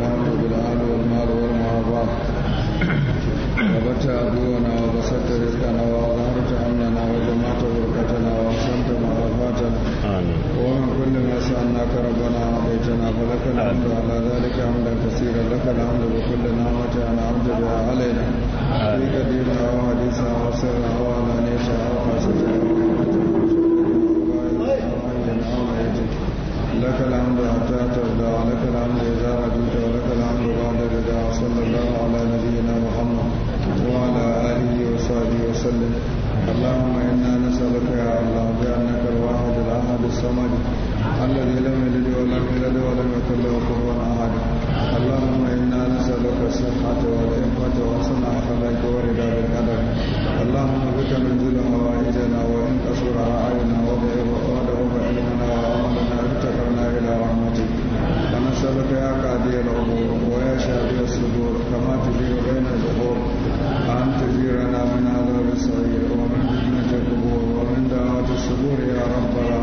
والموت بالآل والمال والمعافات وبت أبونا وبسطت رزقنا وأظهرت أمننا وجمعت بركتنا وأحسنت معافاتنا ومن كل ما سألناك ربنا أعطيتنا فلك الحمد على ذلك حمدا كثيرا لك الحمد بكل نعمة أنعمت بها علينا في قديما أو حديثا أو سرا أو علانية أو خاصة لك الحمد حتى ترضى لك الحمد وسلم اللهم إنا نسألك يا الله بأنك الواحد الأحد الصمد الذي لم يلد ولم يولد ولم يكن له كفوا أحد اللهم إنا نسألك الصحة والعفة وحسن أخلاق ورضا بالقدر اللهم بك ننزل رب ہمار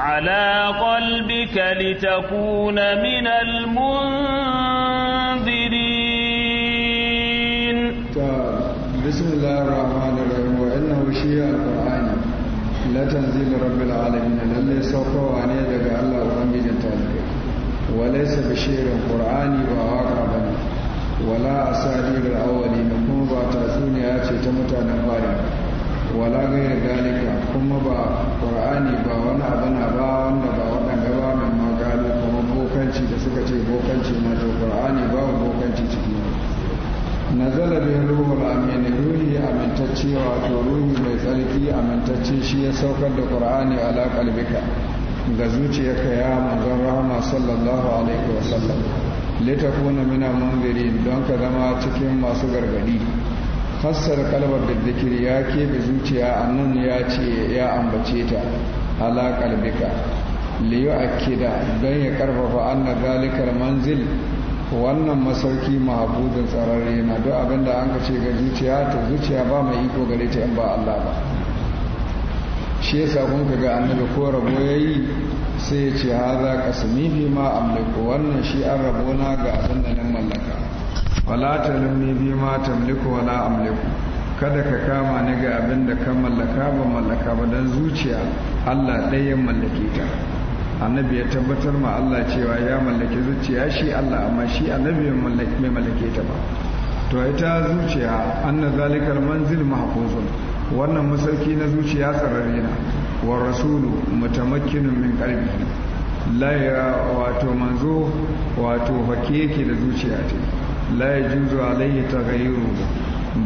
على قلبك لتكون من المنذرين بسم الله الرحمن الرحيم وإنه شيء القرآن لا تنزيل رب العالمين للي سوفوا عن يدك الله وأنجل تلك وليس بشير قرآني وعقبا ولا أساليب الأولين كما بعتثوني آتي تمتع نبارك wala gaira zalika kuma ba qur'ani ba wani abu na ba wanda ba waɗanda ba mai magalu kuma bokanci da suka ce bokanci na to qur'ani ba wa bokanci ciki ne nazala bi ruhul amin ruhi amintacce wato ruhi mai tsarki amintacce shi ya saukar da qur'ani ala qalbika ga zuciyarka ya manzon rahama sallallahu alaihi wasallam litakuna mina munzirin don ka zama cikin masu gargadi fassara kalbar da zikiri ya keɓe zuciya a nan ya ce ya ambace ta ala kalbika liyu akida don ya karfafa na galikar manzil wannan masauki mahabudin tsararre na duk abin da an ka ce ga zuciya ta zuciya ba mai iko gare ta in ba Allah ba shi sa kun ka ga annabi ko rabo ya yi sai ya ce ha ka sami fi ma amliku wannan shi an rabona ga abin da nan mallaka wala lumi bi ma tamliku wala amliku kada ka kama ni ga abin da ka mallaka ba mallaka ba dan zuciya Allah ɗaya mallake ta annabi ya tabbatar ma Allah cewa ya mallaki zuciya shi Allah amma shi annabi mai mallake ta ba to ita zuciya anna zalikal manzil mahfuzun wannan masauki na zuciya tsararre na wa rasulu mutamakkinun min qalbi la ya wato manzo wato hakiki da zuciya ta la ya juzu alaihi ta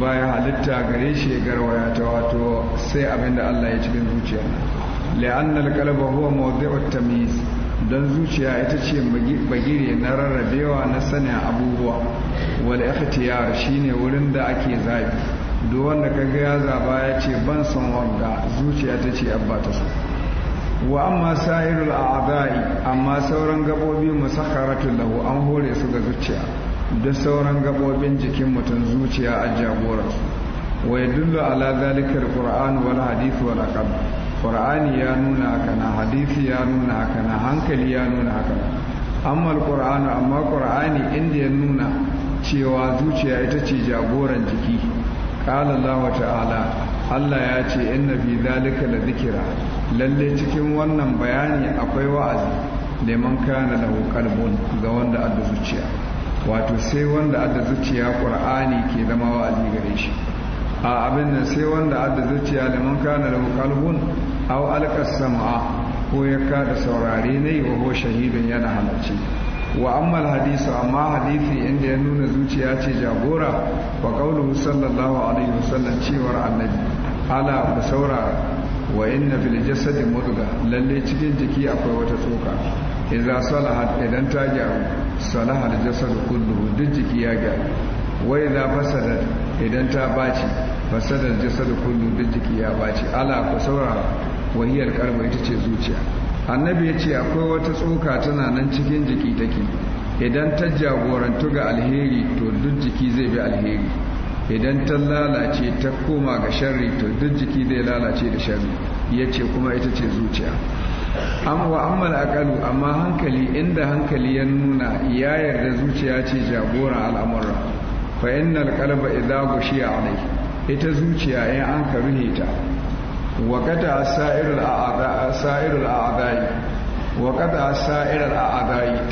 baya halitta gare shi ya garwaya ta wato sai abinda Allah ya cikin zuciya la'anna al-qalba huwa mawdi'u at-tamyiz dan zuciya ita ce bagire na rarrabewa na sanin abubuwa wal ikhtiyar shine wurin da ake zabi duk wanda kaga ya zaba ya ce ban san wanda zuciya ta ce abba ta so wa amma sa'irul a'dai amma sauran gabobi musakharatu lahu an hore su ga zuciya da sauran gabobin jikin mutum zuciya a jagoransu wa dullu ala zalikar ƙura'an wal hadithu wal aqab ƙura'ani ya nuna haka na hadisi ya nuna haka na hankali ya nuna haka amma ƙura'ani amma ƙura'ani inda ya nuna cewa zuciya ita ce jagoran jiki qala allah ta'ala Allah ya ce inna fi zalika la zikira lalle cikin wannan bayani akwai wa'azi liman kana lahu qalbun ga wanda adda zuciya wato sai wanda adda zuciya qur'ani ke zama wa'azi gare shi a abin nan sai wanda adda zuciya da mun kana da kalbun aw alqas sam'a ko ya ka da saurare ne wa ho shahidun yana halarci wa amma hadisi amma hadisi inda ya nuna zuciya ce jagora wa qawluhu sallallahu alaihi wasallam cewar annabi ala ku saurara wa inna fil jasadi mudga lalle cikin jiki akwai wata tsoka idza salahat idan ta gyaru salaha da jasadu kulluhu duk jiki ya ga wai za fasadar idan ta baci fasadar jasadu kullu duk jiki ya baci ala ku saurara wahiyar karba ita ce zuciya annabi ya ce akwai wata tsoka tana nan cikin jiki take idan ta jagorantu ga alheri to duk jiki zai bi alheri idan ta lalace ta koma ga sharri to duk jiki zai lalace da sharri ya ce kuma ita ce zuciya amma wa amma al'akalu amma hankali inda hankali ya nuna ya yarda zuciya ce jagoran al'amura fa inna alqalba idza gushiya alai ita zuciya in an ka ta wa qata sa'irul a'da sa'irul a'dai wa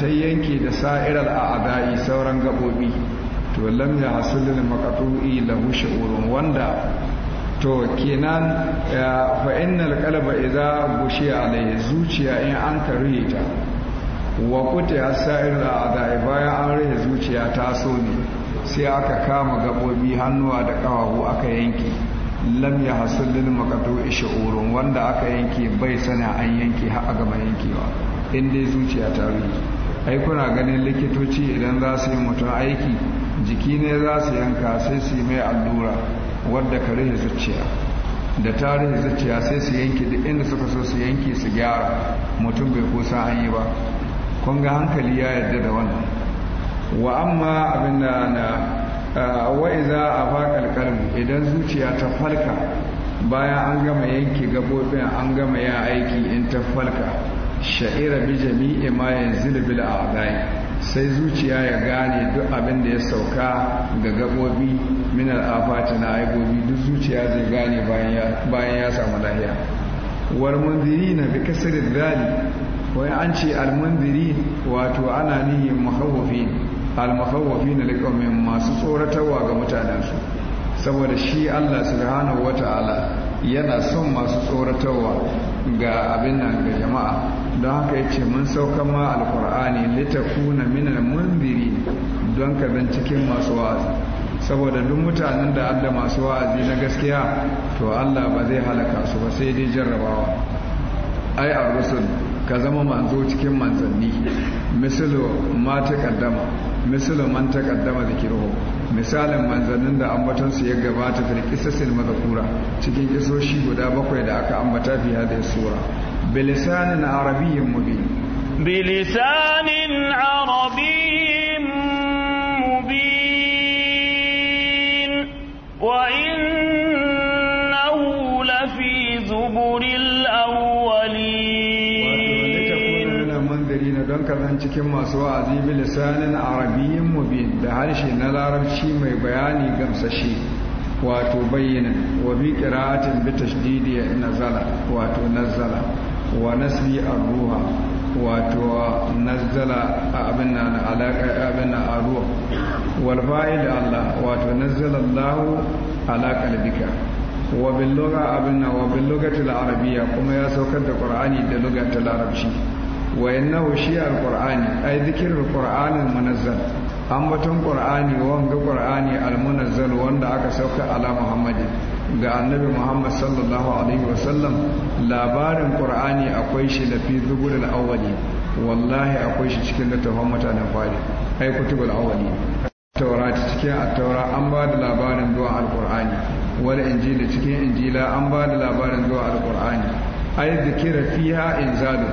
ta yanke da sa'irul a'dai sauran gabobi to lam ya hasulul maqtu'i lahu shu'urun wanda to kenan eh, fa innal qalba idza bushiya alayhi zuciya in an tarita ta wa qutiya sa'ir al'adai bayan an rage zuciya ta so ne sai aka kama gabobi hannuwa da kawahu aka yanke lam ya hasul lil maqatu ishurun wanda aka yanke bai sana an yanke har a gaba yankewa in dai zuciya ta rage ai kuna ganin likitoci idan za su yi mutum aiki jiki ne za su yanka sai su yi mai allura wadda ka rihe zuciya da ta rihe zuciya sai su yanki duk inda suka so su yanke su gyara mutum bai kusa an yi ba kun hankali ya yarda da wannan wa amma abin da na wa'iza a faƙar kalmu idan zuciya ta falka bayan an gama yanke gabobin an gama ya aiki in ta falka sha'ira bi jami'i ma yanzu da bil a'dai sai zuciya ya gane duk abin da ya sauka ga gabobi min al'afati na aibobi duk zuciya zai gane bayan ya samu lahiya wal munziri na bi kasar dali wai an ce al munziri wato ana nihin muhawwafi al na likomi masu tsoratarwa ga mutanensu saboda shi Allah subhanahu wata'ala yana son masu tsoratarwa ga abin nan ga jama'a don haka ya ce mun sauka ma alkur'ani litakuna minal munziri don ka zan cikin masu wa'azi saboda duk mutanen da Allah masu wa'azi na gaskiya to Allah ba zai halaka su ba sai dai jarrabawa ai a rusul ka zama manzo cikin manzanni misalu ma kaddama misalu man misalin manzannin da ambatansu ya gabata fil qisasil madhkura cikin kisoshi guda bakwai da aka ambata fi hadhihi sura بلسان عربي مبين بلسان عربي مبين وإنه لفي زبر الأولين ولتكون من المنذرين دونك ذنك كما سوى عزيب لسان عربي مبين ده هرشي نلارب شي مي بياني قمسشي wato bayyana wa bi qira'atin bi tashdidi nazala wato nazala wa nasbi arruha wato nazzala abin na alaƙa abin na arruha wal da Allah wato nazzala Allah ala qalbika wa bil lugha abin wa bil lughati arabiyya kuma ya saukar da Qur'ani da lugar ta larabci wa innahu shi al-Qur'ani ay dhikrul Qur'anil munazzal ambaton Qur'ani wanga Qur'ani al-munazzal wanda aka sauka ala Muhammadin ga annabi muhammad sallallahu alaihi wasallam labarin ƙur'ani akwai shi na fi zubulul awwali wallahi akwai shi cikin littafin mutanen fari ai kutubul awwali taura cikin attaura an ba da labarin zuwa alƙur'ani wani injila cikin injila an ba da labarin zuwa alƙur'ani ai zikira fiha in inzalu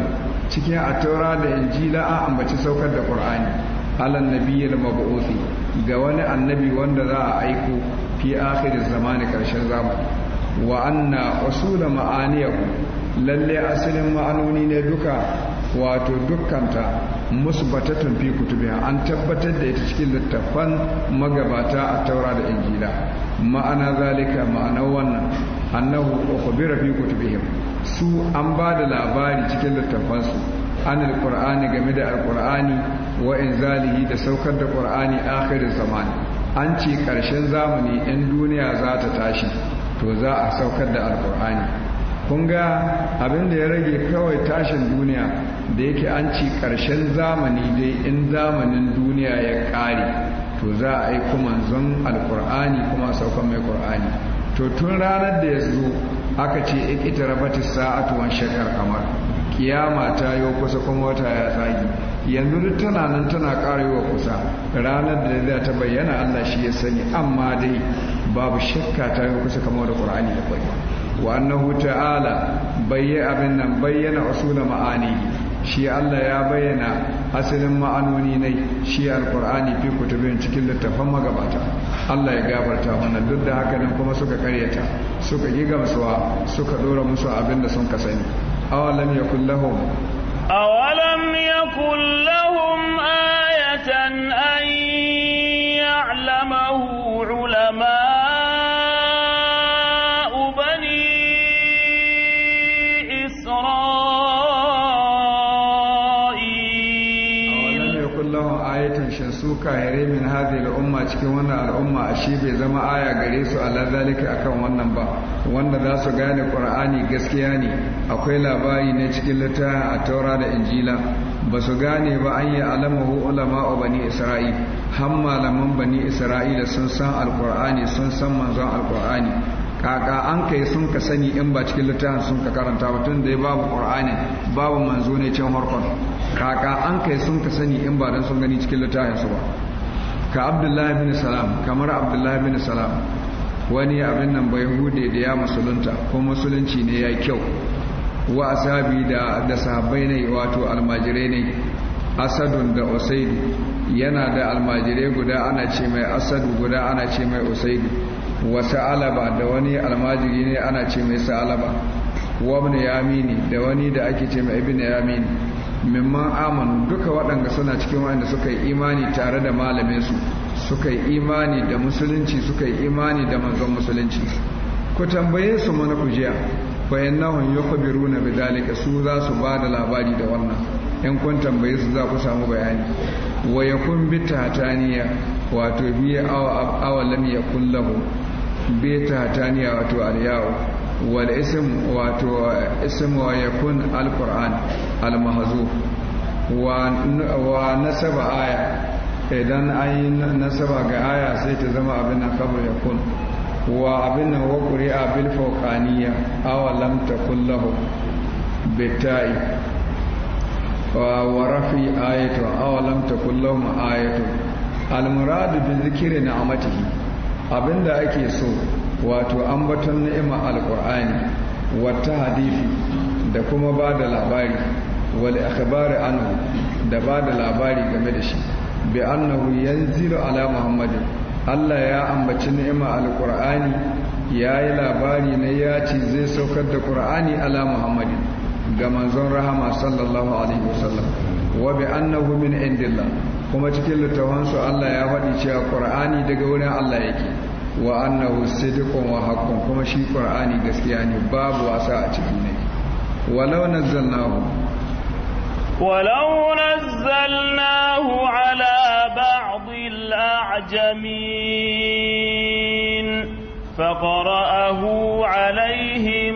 cikin attaura da injila an ambaci saukar da ƙur'ani alan nabiyyil mab'uthi ga wani annabi wanda za a aiko fi akhirin zamani karshen zamani wa anna usul ma'aniyahu lalle asalin ma'anoni ne duka wato dukkanta musbatatun fi kutubiha an tabbatar da ita cikin littattafan magabata a taura da injila ma'ana zalika ma'ana wannan annahu ukhbira fi kutubihim su an ba da labari cikin littafan su an alqur'ani game da alqur'ani wa inzalihi da saukar da qur'ani akhir zamani an ce ƙarshen zamani in duniya za ta tashi to za a saukar da alkur'ani kun ga abin da ya rage kawai tashin duniya da yake an ci ƙarshen zamani dai in zamanin duniya ya ƙare to za a yi kuma zan alkur'ani kuma saukan mai ƙur'ani to tun ranar da ya zo aka ce ikita rabatis sa'atuwan shekar shakar kamar kiyama ta yi kusa kuma wata ya tsagi yanzu duk tana nan tana karewa kusa ranar da za ta bayyana Allah shi ya sani amma dai babu shakka ta yi kusa kamar da Qur'ani da bai wa annahu ta'ala bayyana abin nan bayyana da ma'ani shi Allah ya bayyana asalin ma'anoni ne shi alqur'ani fi kutubin cikin littafan magabata Allah ya gafarta mana duk da haka nan kuma suka karyata suka yi gamsuwa suka dora musu abin da sun sani awalam yakul lahum أولم يكن لهم آية أن يعلمه علماء shi bai zama aya gare su ala zalika akan wannan ba wanda za su gane qur'ani gaskiya ne akwai labari ne cikin littafin taura da injila ba su gane ba an yi alamahu ulama bani isra'il har malaman bani isra'ila sun san alqur'ani sun san manzon alqur'ani kaka an kai sun ka sani in ba cikin littafin sun ka karanta ba tun da babu qur'ani babu manzo ne can harkon kaka an kai sun ka sani in ba dan sun gani cikin littafin su ba ka abdullahi bin salam kamar abdullahi bin salam wani abin nan bai hude da ya musulunta ko musulunci ne ya kyau wa asabi da da sahabbai ne wato almajirai ne asadun da usaidu yana da almajirai guda ana ce mai asadu guda ana ce mai usaidu wa sa'alaba da wani almajiri ne ana ce mai sa'alaba wa ibn yamini da wani da ake ce mai ibn yamini mimman amanu duka waɗanda suna cikin waɗanda suka yi imani tare da malaminsu suka yi imani da musulunci suka yi imani da manzon musulunci ku tambaye su mana kujiya bayan nahun ya kwabiru na bidalika su za su ba da labari da wannan in kun tambaye su za ku samu bayani wa ya kun bi tataniya wato biya awa lam ya kullahu bi tataniya wato al-yawo wal ism wato ism wa yakun al almahazu wa nasaba aya idan an yi nasaba ga aya sai ta zama abin nan kabar ya kun wa abin nan wa a bil fauqaniya aw lam takul lahu bitai wa rafi ayatu aw lam takul lahu ayatu al murad bi zikri ni'matihi abinda ake so wato ambaton ni'ima alqur'ani wa hadifi da kuma ba da labari wal akhbar anhu da ba da labari game da shi bi annahu yanzilu ala muhammadin Allah ya ambaci ni'ima alqur'ani ya yi labari na ya zai saukar da qur'ani ala muhammadin ga manzon rahama sallallahu alaihi wasallam wa bi annahu min indillah kuma cikin su Allah ya faɗi cewa qur'ani daga wurin Allah yake wa annahu sidqun wa haqqun kuma shi qur'ani gaskiya ne babu wasa a cikin ne walau nazzalnahu ولو نزلناه على بعض الأعجمين فقرأه عليهم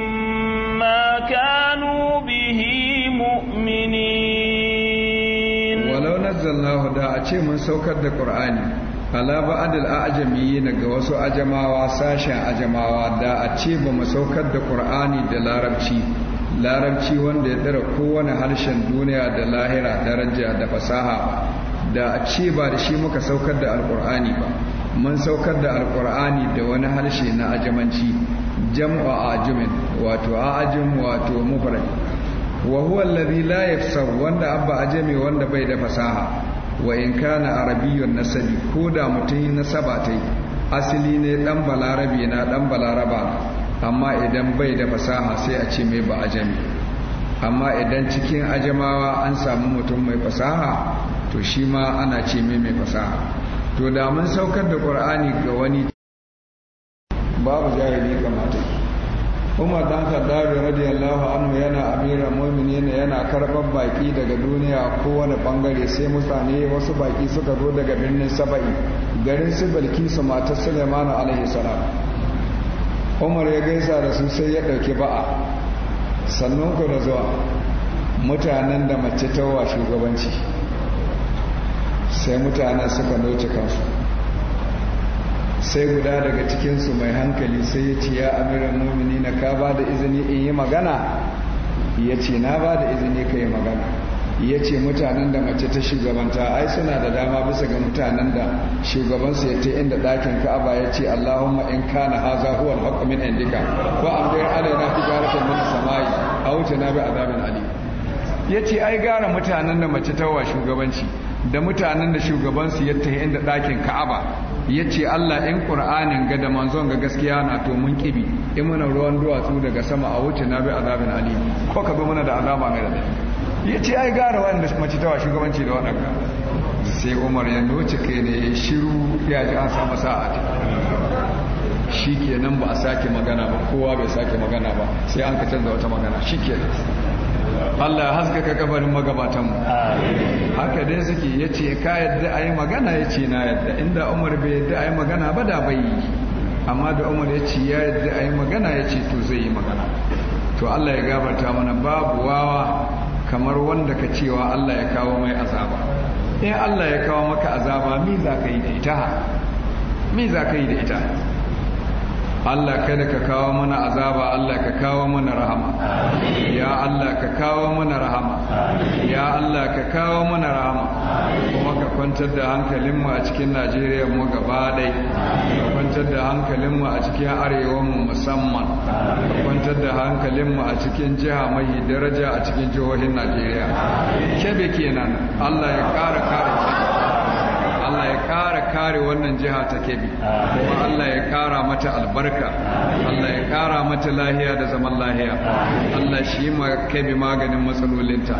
ما كانوا به مؤمنين ولو نزلناه دا أتي من سوكة القرآن على بعض الأعجميين قوسوا أجماوا ساشا أجماوا دا أتي من سوكة القرآن دا لا larabci wanda ya tsira kowane harshen duniya da lahira daraja da fasaha da a ce ba da shi muka saukar da alkur'ani ba mun saukar da alkur'ani da wani harshe na ajamanci jam'a ajumin wato ajum wato mufrad wa huwa alladhi la yafsar wanda abba ajami wanda bai da fasaha wa in kana arabiyyun nasabi ko da mutum nasaba tai asali ne dan balarabi na dan balaraba amma idan bai da fasaha sai a ce mai ba jami amma idan cikin ajamawa an samu mutum mai fasaha to shi ma ana ce mai mai fasaha to da mun saukar da ƙur'ani ga wani babu jahili kamata umar dan kaddabi radiyallahu anhu yana amira mu'minin yana karɓar baki daga duniya kowane bangare sai mutane wasu baki suka zo daga birnin saba'i garin su bilkisu matar suleiman alaihi salam umar ya gaisa da su sai ya ɗauki ba'a sannan ku da zuwa mutanen da mace tawa shugabanci sai mutanen suka noci kansu sai guda daga cikinsu mai hankali sai ya ce ya amiran mumini na ka ba da izini in yi magana ya ce na ba da izini ka yi magana ya ce mutanen da mace ta shugabanta ai suna da dama bisa ga mutanen da shugabansu ya ce inda ɗakin ka'aba ya ce Allahumma in kana haza huwa an haqqu alai na fi gara alaina tijaratan samayi a wuce na bi azabin ali yace ai gara mutanen da mace ta wa shugabanci da mutanen da shugabansu ya ta inda ɗakin ka'aba ya ce Allah in ƙur'anin ga da manzon ga gaskiya na to mun ƙibi in muna ruwan duwatsu daga sama a wuce na bi azabin ali ko ka bi muna da azaba mai da ya ce ai gara wanda mace tawa shugabanci da waɗanda sai umar ya noce kai ne ya shiru ya ji an samu sa'a shi nan ba a sake magana ba kowa bai sake magana ba sai an ka canza wata magana shi kenan Allah ya haskaka kabarin mu haka dai suke ya ce ka yadda a yi magana ya ce na yadda inda umar bai yadda a yi magana ba da bai yi amma da umar ya ce ya yadda a yi magana ya ce to zai yi magana to Allah ya gabata mana babu wawa kamar wanda ka cewa Allah ya kawo mai azaba in Allah ya kawo maka azaba mi za ka yi da ita mi za ka yi da ita Allah kada ka kawo mana azaba Allah ka kawo mana rahama ya Allah ka kawo mana rahama ya Allah ka kawo mana rahama kuma ka kwantar da hankalin mu a cikin Najeriya mu gaba dai ka kwantar da hankalin mu a cikin arewa mu musamman ka kwantar da hankalin mu a cikin jiha mai daraja a cikin jihohin Najeriya kebe kenan Allah ya kara kare Allah ya kara kare wannan jiha ta kebi kuma Allah ya kara mata albarka Allah ya kara mata lahiya da zaman lahiya Allah shi ma kebi maganin matsalolinta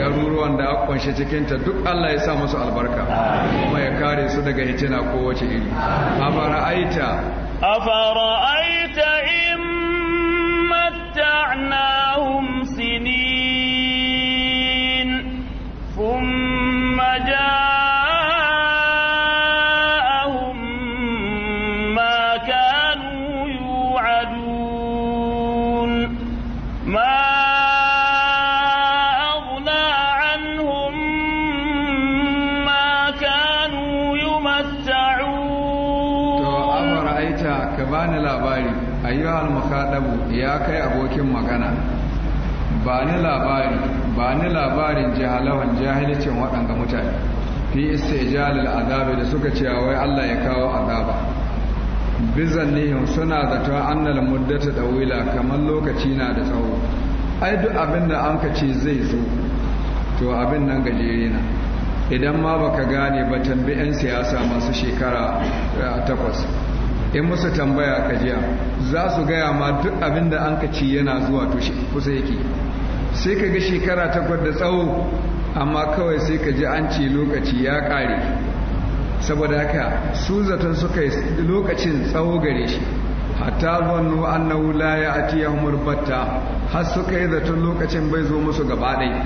garuruwan da aka kunshe cikinta duk Allah ya sa musu albarka kuma ya kare su daga hitina kowace iri afara'aita afara'aita in matta'nahum ba ni labarin jahalawan jahilicin waɗanda mutane fi istijalil azabi da suka ce wai Allah ya kawo azaba Bizan bizannihim suna zato annal muddata wila kamar lokaci na da tsawo ai duk abin da an ka ce zai zo to abin nan gajere na idan ma baka gane ba tambi 'yan siyasa masu shekara eh, takwas in musu tambaya ka jiya za su gaya ma duk abin da an ka ci yana zuwa tushe kusa yake sai ka ga shekara takwas da tsawo amma kawai sai ka ji an ce lokaci ya ƙare saboda haka su zaton suka yi lokacin tsawo gare shi hatta wula annahu la ya'tiyahum batta har suka yi zaton lokacin bai zo musu gaba ɗaya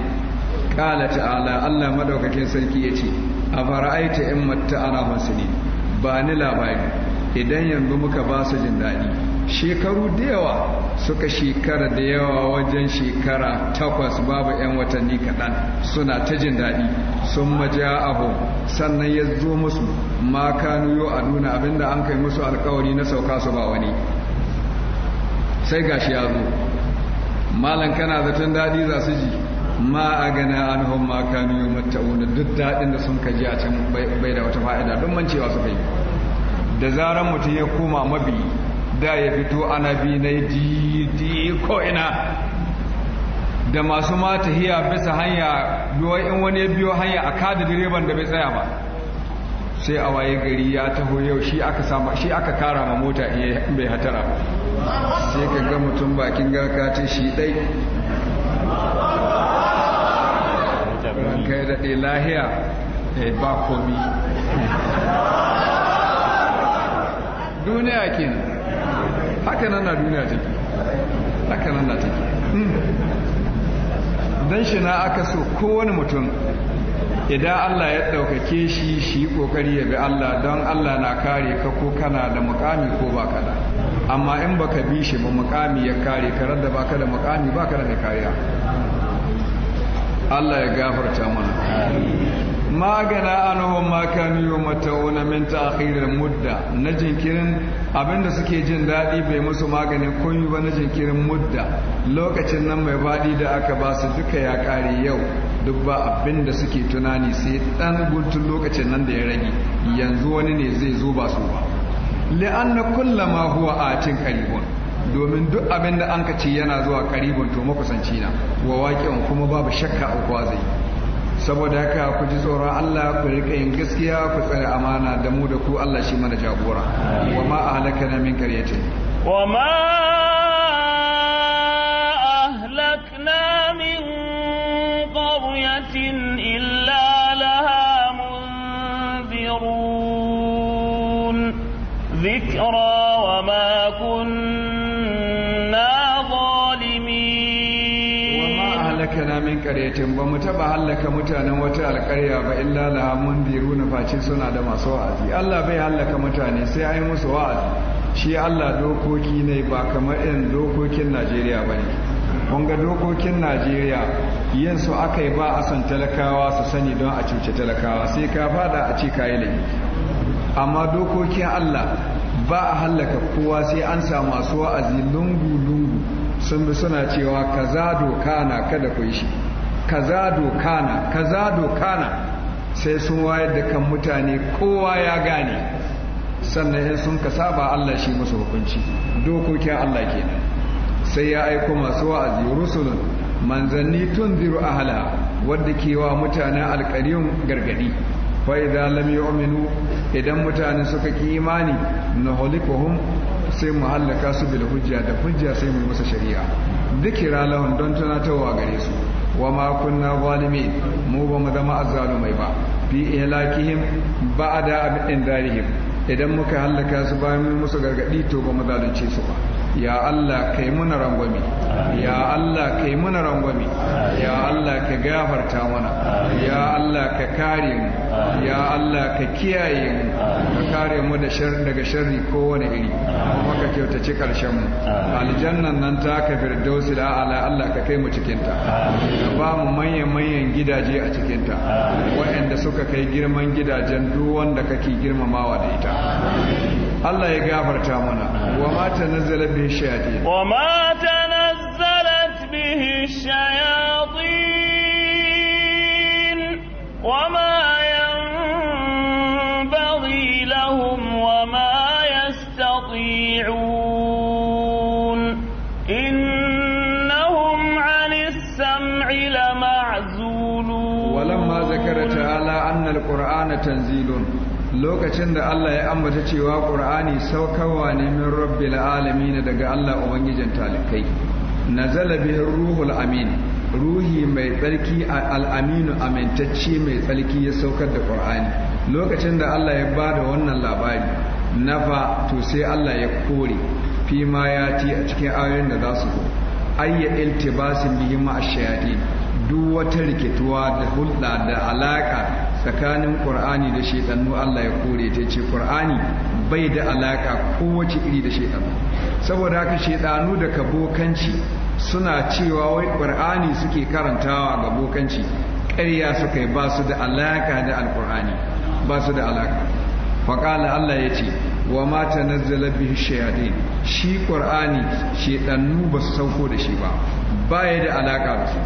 qala ta'ala Allah madaukakin sarki ya ce yace afara'aita in matta ana husni ba ni labari idan yanzu muka ba su jin daɗi shekaru da yawa suka shekara da yawa wajen shekara takwas babu 'yan watanni kaɗan suna ta jin daɗi sun maja abu sannan ya zo musu makanu yau a nuna abinda an kai musu alkawari na sauka su ba wani sai gashi ya zo malan kana zaton daɗi za su ji ma a gana an hau makanu yau yi duk daɗin da sun kaji a can bai da wata fa'ida don mancewa su kai da zaran mutum ya koma mabiyi da ya fito ana bi na didi ko ina da masu mata hiya bisa hanya in wani ya biyo hanya a kada direban da bai tsaya ba sai a waye gari ya taho yau shi aka sama shi aka kara ma mota iya bai hatara sai ka ga mutum bakin garka ta shi dai kai daɗe lahiya eh, ba komi duniya kenan haka nan na duniya take haka nan na take hmm. don shi na aka so kowane mutum idan Allah ya ɗaukake shi shi ƙoƙari ya bi Allah don Allah na kare ka ko kana da mukami ko ba ka da amma in baka bi shi ba mukami ya kare ka da baka da mukami baka da kariya Allah ya gafarta mana ma gana anhum wa kanu yumatawuna min ta'khir mudda na jinkirin abinda suke jin daɗi bai musu maganin kunyu ba na jinkirin mudda lokacin nan mai baɗi da aka ba su duka ya ƙare yau duk ba abinda suke tunani sai ɗan guntun lokacin nan da ya rage yanzu wani ne zai zo ba su ba kulla ma huwa atin qaribun domin duk abinda an ka ce yana zuwa qaribun to makusanci na wa waqi'un kuma babu shakka a zai saboda haka ku ji tsoron Allah ku rika yin gaskiya ku tsare amana da mu da ku Allah shi mana jagora wa ma ahlakana min qaryatin wa ma ahlakna qaryatin ba mu taba hallaka mutanen wata alƙarya ba illa biru na face suna da masu wa'azi Allah bai halaka mutane sai ai musu wa'azi shi Allah dokoki ne ba kamar irin dokokin Najeriya bane kun ga dokokin Najeriya yin su ba a san talakawa su sani don a cuce talakawa sai ka fada a ce kayi laifi amma dokokin Allah ba a hallaka kowa sai an sa masu wa'azi lungu-lungu sun bi suna cewa kaza doka na kada kun shi ka kaza dokana kaza dokana sai sun wayar da kan mutane kowa ya gane sannan yin sun ka saba Allah shi musu hukunci dokokin Allah kenan sai ya aiko masu wa'azi rusulun manzanni tun ziru ahala wadda ke wa mutanen alkariyun gargadi fai da lam ominu idan mutane suka ki imani holikohun sai mu hallaka su bil da hujja sai mu musu shari'a kira lahum don tunatarwa gare su wa makunna kunna zalimin mu ba mu zama azzalumai ba fi ihlakihim ba'da abin darihim idan muka halaka su bayan musu gargadi to ba mu zalunce su ba ya Allah ka yi muna rangwami. ya Allah ka yi muna rangwami. ya Allah ka gafarta mana ya Allah ka kare mu ya Allah ka kiyaye mu ka kare mu daga sharri kowane iri kuma ka kyautace karshen mu aljannan nan ta ka firdausi da ala Allah ka kai mu cikinta. ka ba mu manyan manyan gidaje a cikinta. wa'anda waɗanda suka kai girman gidajen duk wanda kake girmamawa da ita الله يغفرت منا وما تنزلت به الشياطين وما تنزلت به الشياطين وما ينبغي لهم وما يستطيعون إنهم عن السمع لمعزولون ولما ذكر تعالى أن القرآن تنزيل lokacin da Allah ya ambata cewa ƙur'ani saukarwa ne min rabbi rabbil na daga Allah ubangijin talikai nazala bihi ruhul amin ruhi mai tsarki al'aminu amintacce mai tsarki ya saukar da ƙur'ani lokacin da Allah ya ba da wannan labari nafa to sai Allah ya kore fi ma ya ci a cikin ayoyin da za su zo ayya iltibasin bihi ma duk wata rikituwa da hulɗa da alaƙa tsakanin ƙur'ani da shaidannu Allah ya kore ta ce ƙur'ani bai da alaka kowace iri da shaidannu saboda haka shaidannu da kabokanci suna cewa wai ƙur'ani suke karantawa ga bokanci ƙarya suka yi ba su da alaƙa da alƙur'ani ba su da alaƙa faƙala Allah ya ce wa mata na bihi shi ƙur'ani shaidannu ba sauko da shi ba baya da alaƙa da su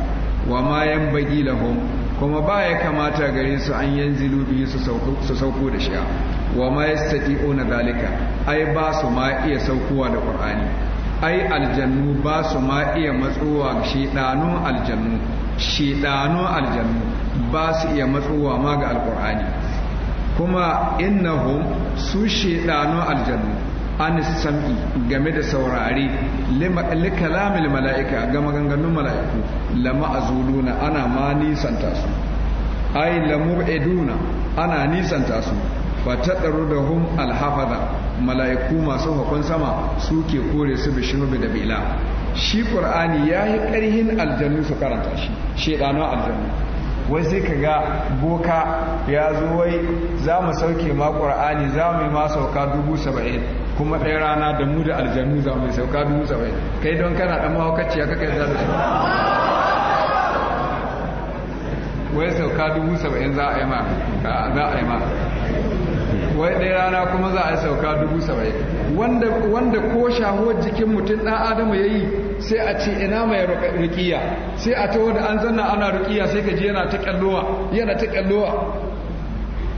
wa ma yanbaghi lahum kuma ba ya kamata gare su an yanzu lubi su sauko da shiya wa ma ya sati ona dalika ai ba su ma iya saukowa da ƙur'ani ai aljannu ba su ma iya matsowa aljannu shiɗanun aljannu ba su iya matsowa ma ga alƙur'ani kuma innahum su shiɗanun aljannu an sam'i game da saurari li kalamil mala'ika ga maganganun mala'iku lama azuluna ana ma nisanta su ai lamu eduna ana nisanta su fa tadaruhum alhafaza mala'iku masu hukun sama suke kore su bishinu da bila shi qur'ani yayi karhin aljannu su karanta shi shedanu aljannu wai sai ka ga boka ya zo wai za mu sauke ma qur'ani za mu yi ma sauka dubu saba'in kuma ɗaya rana da mu da aljanu za mu sauka dubu saba'in kai don kana ɗan mahaukaciya kakai za da wai sauka dubu saba'in za a yi ma za a yi ma wai ɗaya rana kuma za a yi sauka dubu saba'in wanda ko shahuwar jikin mutum ɗan adama ya yi sai a ce ina mai rukiya sai a taho da an zanna ana rukiya sai ka ji yana ta kyallowa yana ta kyallowa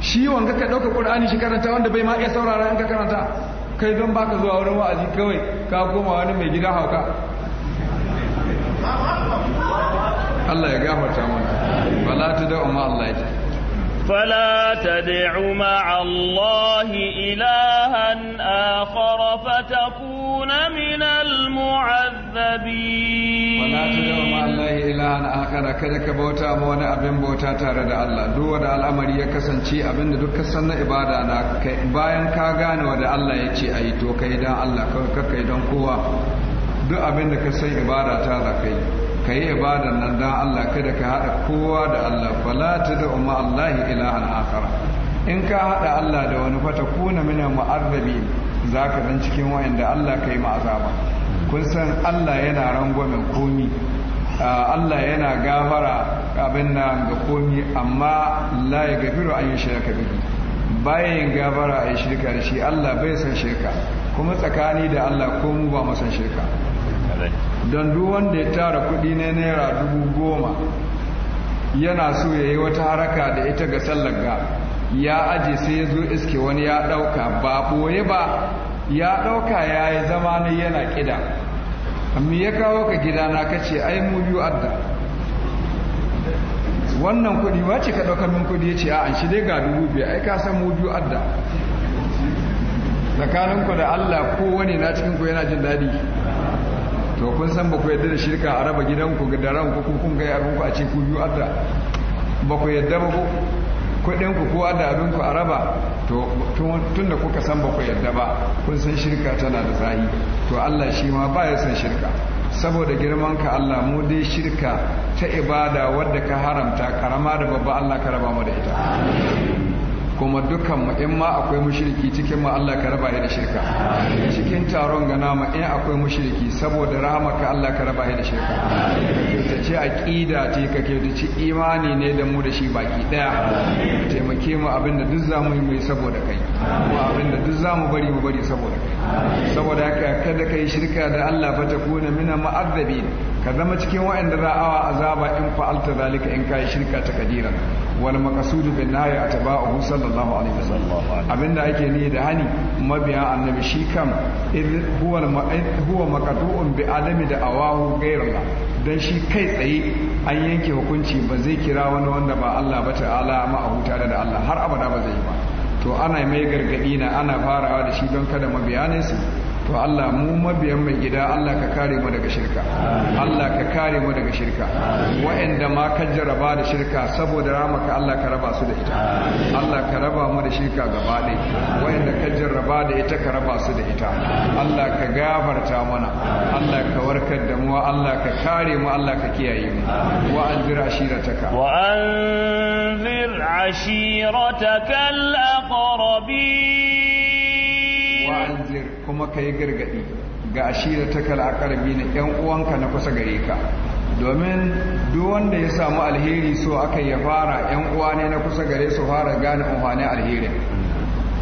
shi wanga ka ɗauka ƙur'ani shi karanta wanda bai ma iya saurara in ka karanta kai don baka zuwa wurin wa'azi kawai ka koma wani mai gida hauka Allah ya gafarta mana wala da umma Allah yake فلا تدع مع الله إلها آخر فتكون من معذبين ولا تدعوا مع الله إلها آخر kada ka bauta ma wani abin bauta tare da Allah duk wanda al'amari ya kasance abin da duk san na ibada na bayan ka gane wanda Allah ya ce ayi to kai dan Allah ka kai dan kowa duk abin da ka san ibada ta da kai kai ibada nan dan Allah kada ka hada kowa da Allah fala tad'u ma Allah ilahan akhar in ka hada Allah da wani fata kuna mina mu'azzabi zaka dan cikin wayanda Allah kai ma azaba kun san Allah yana rangwamen komi Allah yana gafara abin nan ga komi amma la ya gafiru an yi shirka bihi bayan gafara a shirka da shi Allah bai san shirka kuma tsakani da Allah ko mu ba mu san shirka don duk wanda ya tara kuɗi na naira dubu goma yana so ya yi wata haraka da ita ga sallar ga ya aji sai ya zo iske wani ya ɗauka ba boye ba ya ɗauka ya yi zama ne yana ƙida amma ya kawo ka gida na ka ce ai mu biyu adda wannan kuɗi wace ka ɗaukar min kuɗi ya ce a an shi dai ga dubu biyu ai ka san mu biyu adda ku da Allah ko wani na cikin ku yana jin daɗi to kun san ba ku yadda da shirka a raba gidanku da ku kun kai ku a ce ku biyu adda ba ku yadda ba ku kuɗin ku kowa da a raba to tun da kuka san ba ku yadda ba kun san shirka tana da zahi to Allah shi ma ba ya san shirka saboda girman ka Allah mu dai shirka ta ibada wadda ka haramta karama da babba Allah ka raba mu da ita kuma dukkan mu in ma akwai mushriki cikin mu Allah ka raba da shirka cikin taron ga nama in akwai mushriki saboda rahmaka Allah ka raba da shirka ta ce aqida ce kake da ci imani ne da mu da shi baki daya taimake mu abinda duk zamu yi mai saboda kai kuma abinda duk zamu bari mu bari saboda kai saboda haka kada kai shirka da Allah ba ta kuna mina ma'adabi. ka zama cikin waɗanda za awa azaba in fa'alta zalika in kai shirka ta kadira wal maqsudu bin nahi atba'uhu sallallahu alaihi wasallam abinda ake ni da hani mabiya annabi shi kam huwa huwa maqtu'un bi alami da awahu ghayrullah dan shi kai tsaye an yanke hukunci ba zai kira wani wanda ba Allah ba ta'ala ma a huta da Allah har abada ba zai yi ba to ana mai gargadi na ana farawa da shi don kada su. to Allah mu mabiyan mai gida Allah ka kare mu daga shirka Allah ka kare mu daga shirka wa'anda ma ka jaraba da shirka saboda ramaka Allah ka raba su da ita Allah ka raba mu da shirka gaba ɗaya wa'anda ka jaraba da ita ka raba su da ita Allah ka gafarta mana Allah ka warkar da mu Allah ka kare mu Allah ka kiyaye mu wa anzir ashirataka wa anzir ashirataka al-aqrabin kuma ka yi gargaɗi ga ashira ta kal'akarbi na ‘yan uwanka na kusa gare ka domin duk wanda ya samu alheri so aka ya fara ‘yan uwa ne na kusa gare su fara gane amfani alheri.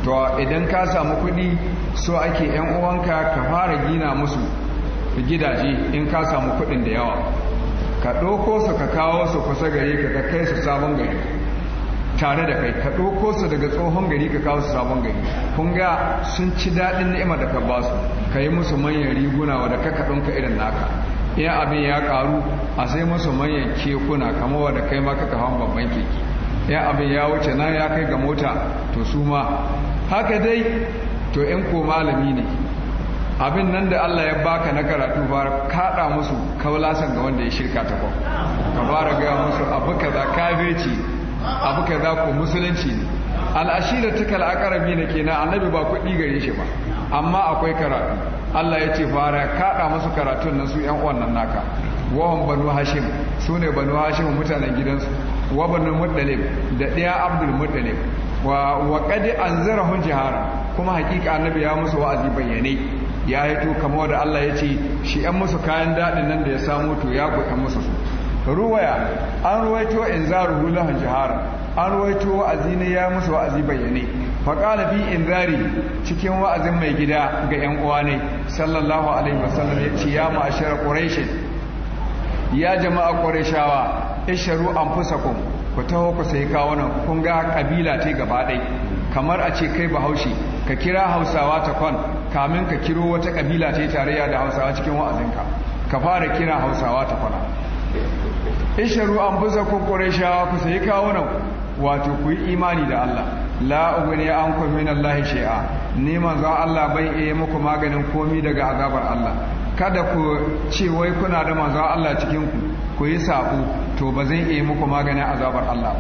to idan ka samu kuɗi so ake ‘yan uwanka ka fara gina musu gidaje in ka samu kuɗin da yawa ka ɗauko su ka kawo su kusa gare ka kai su sabon gari tare da kai ka ɗauko su daga tsohon gari ka kawo su sabon gari kun ga sun ci daɗin ni'ima da ka ba su ka yi musu manyan riguna wadda ka kaɗon ka irin naka in abin ya ƙaru a sai musu manyan kekuna kamar wadda kai ma ka hawan babban keke in abin ya wuce nan ya kai ga mota to su ma haka dai to in ko malami ne abin nan da Allah ya baka na karatu fara kaɗa musu kaulasan ga wanda ya shirka ta ka fara gaya musu abu kaza kafirci abu ka za ku musulunci ne al'ashira tukal akarabi na annabi ba kuɗi gare shi ba amma akwai karatu Allah ya ce fara kaɗa musu karatun nan su ‘yan uwan naka wawan banu hashim su ne banu hashim mutanen gidansu wa banu muttalib da ɗaya abdul muttalib wa kadi an jihara kuma hakika annabi ya musu wa'azi bayyane ya yi to kamar da Allah ya ce shi ‘yan musu kayan daɗin nan da ya samu to ya kuɗa musu su ruwaya an ruwaito in za ruhu lahan jihara an ruwaito wa'azi ne ya musu wa'azi bayyane faƙala fi in zari cikin wa'azin mai gida ga yan uwa ne sallallahu alaihi wasallam ya ce ya ma'ashar ƙureshin ya jama'a ƙureshawa isharu an kun ku taho ku sai kawunan kun ga ƙabila ta gaba ɗai kamar a ce kai bahaushe ka kira hausawa ta kwan kamin ka kiro wata ƙabila ta tarayya da hausawa cikin wa'azinka ka fara kira hausawa ta kwana isharu an buza kun qurayshawa ku sai kawo nan wato ku yi imani da Allah la ugni an kum min Allah shi'a ni manzo Allah bai iya muku maganin komi daga azabar Allah kada ku ce wai kuna da manzo Allah cikin ku ku yi sabo to ba zai iya muku maganin azabar Allah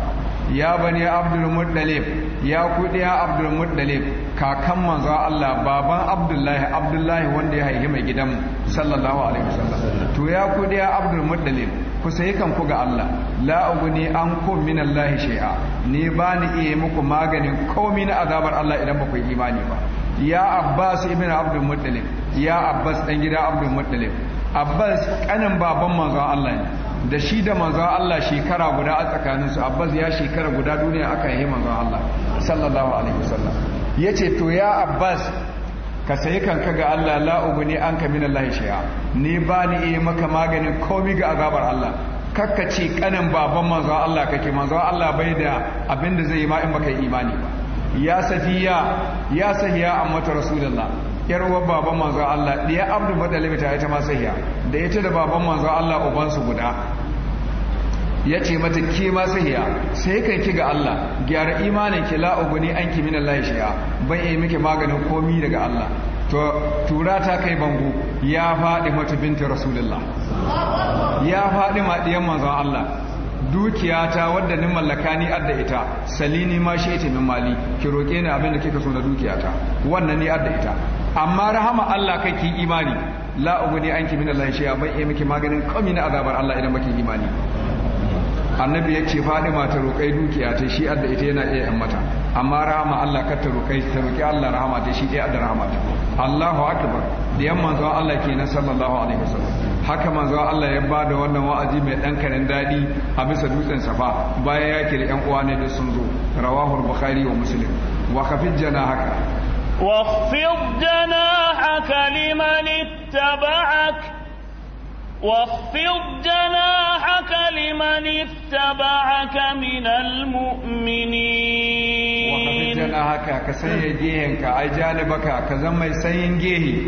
ya bani abdul muttalib ya kudi ya abdul muttalib kakan manzo Allah baban abdullahi abdullahi wanda ya haihi mai gidan sallallahu alaihi wasallam to ya kudi ya abdul muttalib ku sai kan ku ga Allah la uguni an ku min Allah shay'a ni ba ni iya muku maganin komai na azabar Allah idan ba ku imani ba ya Abbas ibn Abdul Muttalib ya Abbas dan gida Abdul Muttalib Abbas kanin baban manzo Allah ne da shi da manzo Allah shekara guda a tsakanin su Abbas ya shekara guda duniya aka yi manzo Allah sallallahu alaihi wasallam yace to ya Abbas ka sayi kanka ga Allah la'ubu ne an ka min Allah shi'a ni ba ni iya maka maganin komai ga azabar Allah kakkaci kanin baban manzo Allah kake manzo Allah bai da abin da zai yi ma in baka yi imani ba ya safiya ya sahiya amma ta rasulullah yar uwar baban manzo Allah diya abdu madalibi ta ita ma sahiya da ita da baban manzon Allah ubansu guda ya ce mata ke ma ya, sai kan ki ga Allah gyara imanin ki la uguni anki min Allah ya ban yi miki maganin komi daga Allah to tura ta kai bango ya faɗi mata binti rasulullah ya faɗi ma diyan manzon Allah dukiyata wadda ni mallaka ni adda ita salini ma shi ita min mali ki roke ni abinda kika so na ta, wannan ni adda ita amma rahama Allah kai ki imani la uguni anki min Allah ya ban yi miki maganin komi na azabar Allah idan baki imani annabi ya ce fadima ta roƙai dukiya ta shi adda ita yana iya yan mata amma rahama Allah kar ta roƙai ta roƙi Allah rahama ta shi adda rahama ta Allahu akbar da yan manzon Allah kenan sallallahu alaihi wasallam haka manzon Allah ya ba da wannan wa'azi mai dan karen dadi a bisa dutsen safa bayan ya kira yan uwa ne da sun zo rawahul bukhari wa muslim wa kafid janahaka واخفض جناحك لمن اتبعك واخفض جناحك لمن اتبعك من المؤمنين واخفض جناحك كسني جيهنك أي جانبك كزم سين جيهي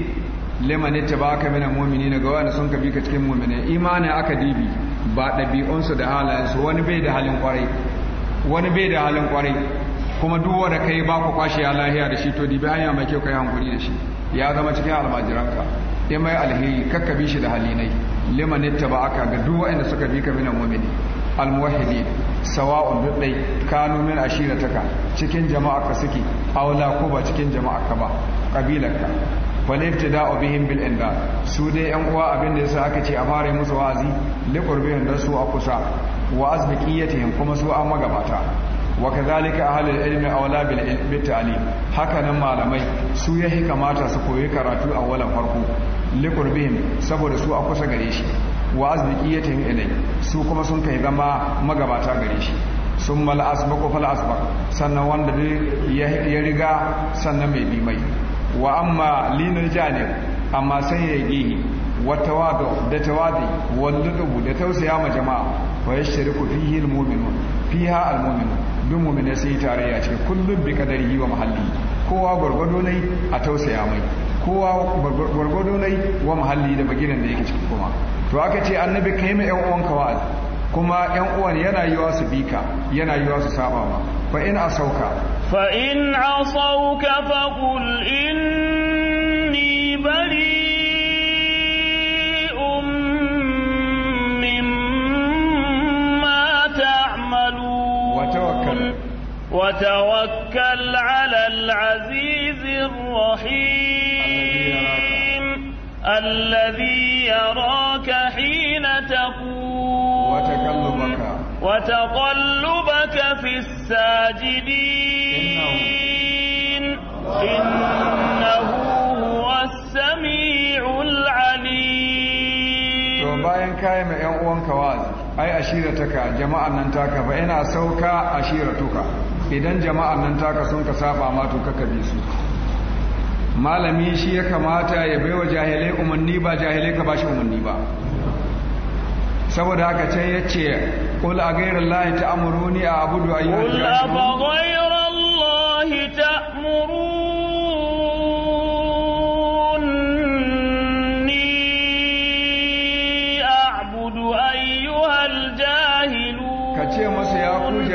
لمن اتبعك من المؤمنين قوانا سنك بيك تكين مؤمنين إيمانا أكديبي ba ɗabi'unsu da halayensu wani bai da halin kwarai wani bai da halin kwarai kuma duk wanda kai ba ku kwashe ya lahiya da shi to dibi aya mai kyau kai hankuri da shi ya zama cikin almajiranka in mai alheri bi shi da halinai liman aka ga duk waɗanda suka bi ka mina mu'mini almuwahhidi sawa'un dai kanu min ashirataka cikin jama'a ka suke aula ko ba cikin jama'a ka ba kabilarka wal ibtida'u bihim bil inda su dai yan uwa abin da yasa aka ce a fara musu wa'azi li da su a kusa wa azbiqiyatihim kuma su an magabata wa a halin ilmi a bil ilmi hakanin malamai su ya kamata su koyi karatu a walan farko likurbin saboda su a kusa gare shi wa azdiqiyatihim ilai su kuma sun kai zama magabata gare shi sun mal asbaqu fal asbaq sannan wanda ya riga sannan mai bi mai wa amma linar janib amma sai ya gihi wata tawadu da tawadi wadda dubu da tausaya ma jama'a wa yashriku fihi al fi fiha al mominu duk mu'mine sai yi tarayya cikin kullum bi kadari wa mahalli kowa gwargwado ne a tausaya mai kowa gwargwado ne wa mahalli da bagiran da yake cikin kuma to aka ce annabi kai mai yan uwanka wa'azi kuma yan uwan yana yiwa su bika yana yiwa su saba ma fa in asauka fa in asauka fa qul inni bari وتوكل على العزيز الرحيم الذي يراك حين تقوم وتقلبك وتقلبك في الساجدين إنه هو السميع العليم bayan kayi mai ‘yan uwanka wa'azi, ai, ashirataka jama'an nan taka fa ina sauka ashiratuka. idan jama'a nan taka sun ka saba ma to kaka bi su malami shi ya kamata ya baiwa jahilai umarni ba jahilai ka bashi umarni ba saboda haka can yace qul a ghayri ta'muruni a abudu ayyuhal kafirun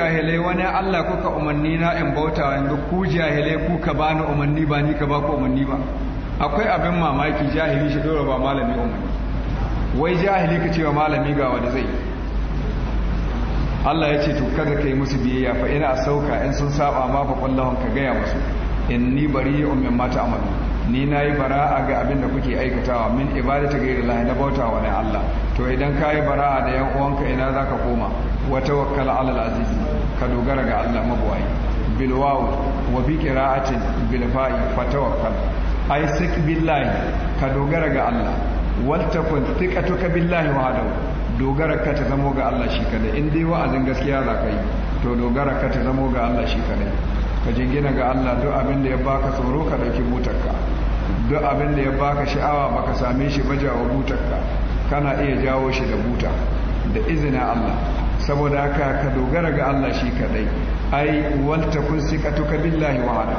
jahilai wani Allah kuka umarni na in bauta wanda ku jahilai ku ka bani umarni ba ni ka ba ku umarni ba akwai abin mamaki jahili shi dora ba malami umarni wai jahili ka cewa malami ga wani zai Allah ya ce to kada kai musu biyayya fa ina sauka in sun saba ma ba kullahun ka gaya musu inni bari'un mata ta'malu ni na yi bara'a ga abin da kuke aikatawa min ibadata ga yi na bauta wa Allah to idan ka yi bara'a da yan uwanka ina za ka koma wata wakala alal azizi ka dogara ga Allah mabuwayi bilwawu wa bi qira'atin bilfa'i wakala ai sik billahi ka dogara ga Allah waltakun thiqatuka billahi wahdahu dogara ka ta zamo ga Allah shi kadai in dai wa'azin gaskiya za ka yi to dogara ka ta zamo ga Allah shi kadai ka jingina ga Allah duk abin da ya baka tsoro ka dauki butarka duk abin da ya baka sha'awa baka same shi ba jawo butarka kana iya jawo shi da buta da izinin Allah saboda haka ka dogara ga Allah shi kadai ai walta kun sikatuka billahi wahada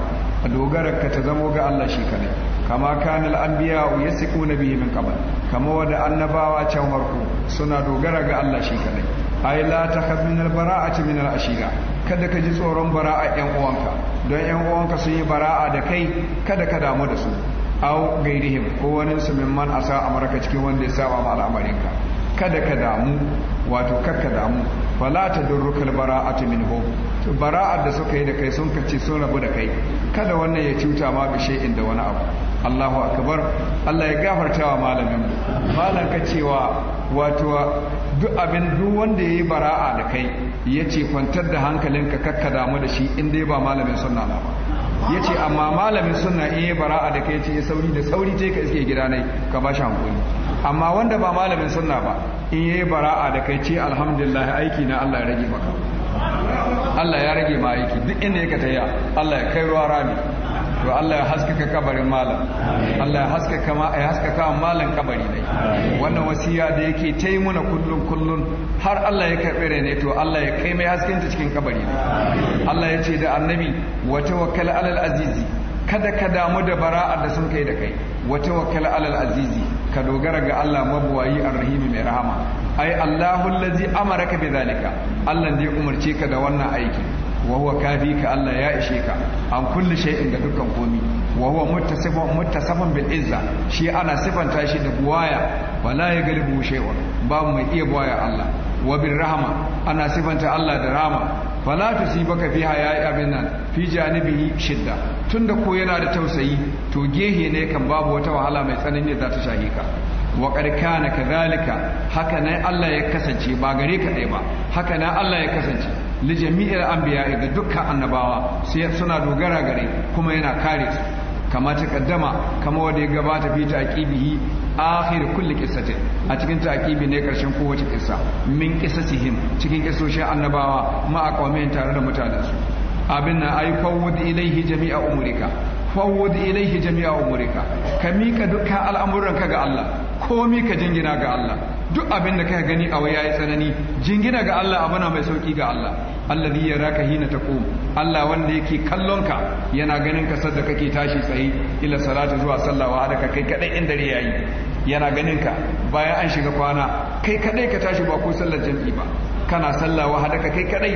dogara ka ta zamo ga Allah shi kadai kama kana al-anbiya yasiquna bihi min qabl kama wada annabawa can farko suna dogara ga Allah shi kadai ai la takhaf min al-bara'ati min al-ashira kada ka ji tsoron bara'a yan uwanka don yan uwanka sun yi bara'a da kai kada ka damu da su aw gairihim ko wani su mimman asa Amurka cikin wanda ya saba ma al'amarinka kada ka damu wato kakka damu fala ta durrukal bara'atu minhu to bara'ar da suka yi da kai sun kace sun rabu da kai kada wannan ya cuta ma bi shay'in da wani abu Allahu akbar Allah ya gafarta wa malamin malam ka cewa wato duk abin duk wanda yayi bara'a da kai yace kwantar da hankalinka kakka damu da shi in dai ba malamin sunna ba ya ce amma malamin suna in yi bara'a da kai ce ya sauri da sauri ce ka iske gida nai ka ba shi hankuli amma wanda ba malamin suna ba in yi bara'a da kai ce alhamdulillah aiki na Allah ya rage maka Allah ya rage ma aiki duk inda ya ka taya Allah ya kai ruwa rami to Allah ya haskaka kabarin malam Allah ya haskaka ma ya haskaka malam kabari ne wannan wasiya da yake ta yi muna kullun kullun har Allah ya karbe rene to Allah ya kai mai hasken ta cikin kabari ne Allah ya ce da annabi wa tawakkal alal azizi kada ka damu da bara'a da sun kai da kai wa tawakkal alal azizi ka dogara ga Allah mabuwayi arrahimi mai rahama ai Allahu allazi amaraka bi zalika Allah ya umarce ka da wannan aiki Wahuwa huwa kafi ka Allah ya ishe ka an kulle shay'in da dukkan komi wa huwa muttasifun muttasafun bil izza shi ana sifanta shi da buwaya wala ya galibu shay'un babu mai iya buwaya Allah wabin bir rahma ana sifanta Allah da rahma fala tusibaka fiha ya abin nan fi janibihi shidda tunda ko yana da tausayi to gehe ne kan babu wata wahala mai tsanani da za ta shahi ka wa karkana kadhalika haka Allah ya kasance ba gare ka ba haka Allah ya kasance li jami'ir anbiya ga dukkan annabawa sai suna dogara gare kuma yana kare su kama ta kaddama kama wanda ya gabata fi ta aqibihi akhir kulli qissatin a cikin aqibi ne karshen kowace kissa min qissatihim cikin kissoshin annabawa ma aqawmin tare da mutanen su abin na ay fawwad ilaihi jami'a umurika fawwad ilaihi jami'a umurika ka mika dukkan ka ga Allah ko ka jingina ga Allah duk abin da ka gani a waya ya tsanani jingina ga Allah abana mai sauki ga Allah allazi yaraka hina taqum Allah wanda yake kallon ka yana ganin ka sadda kake tashi tsaye ila salatu zuwa sallah wa hada kai kadai in dare yayi yana ganin ka bayan an shiga kwana kai kadai ka tashi ba ko sallar jami'i ba kana sallah wa hada kai kadai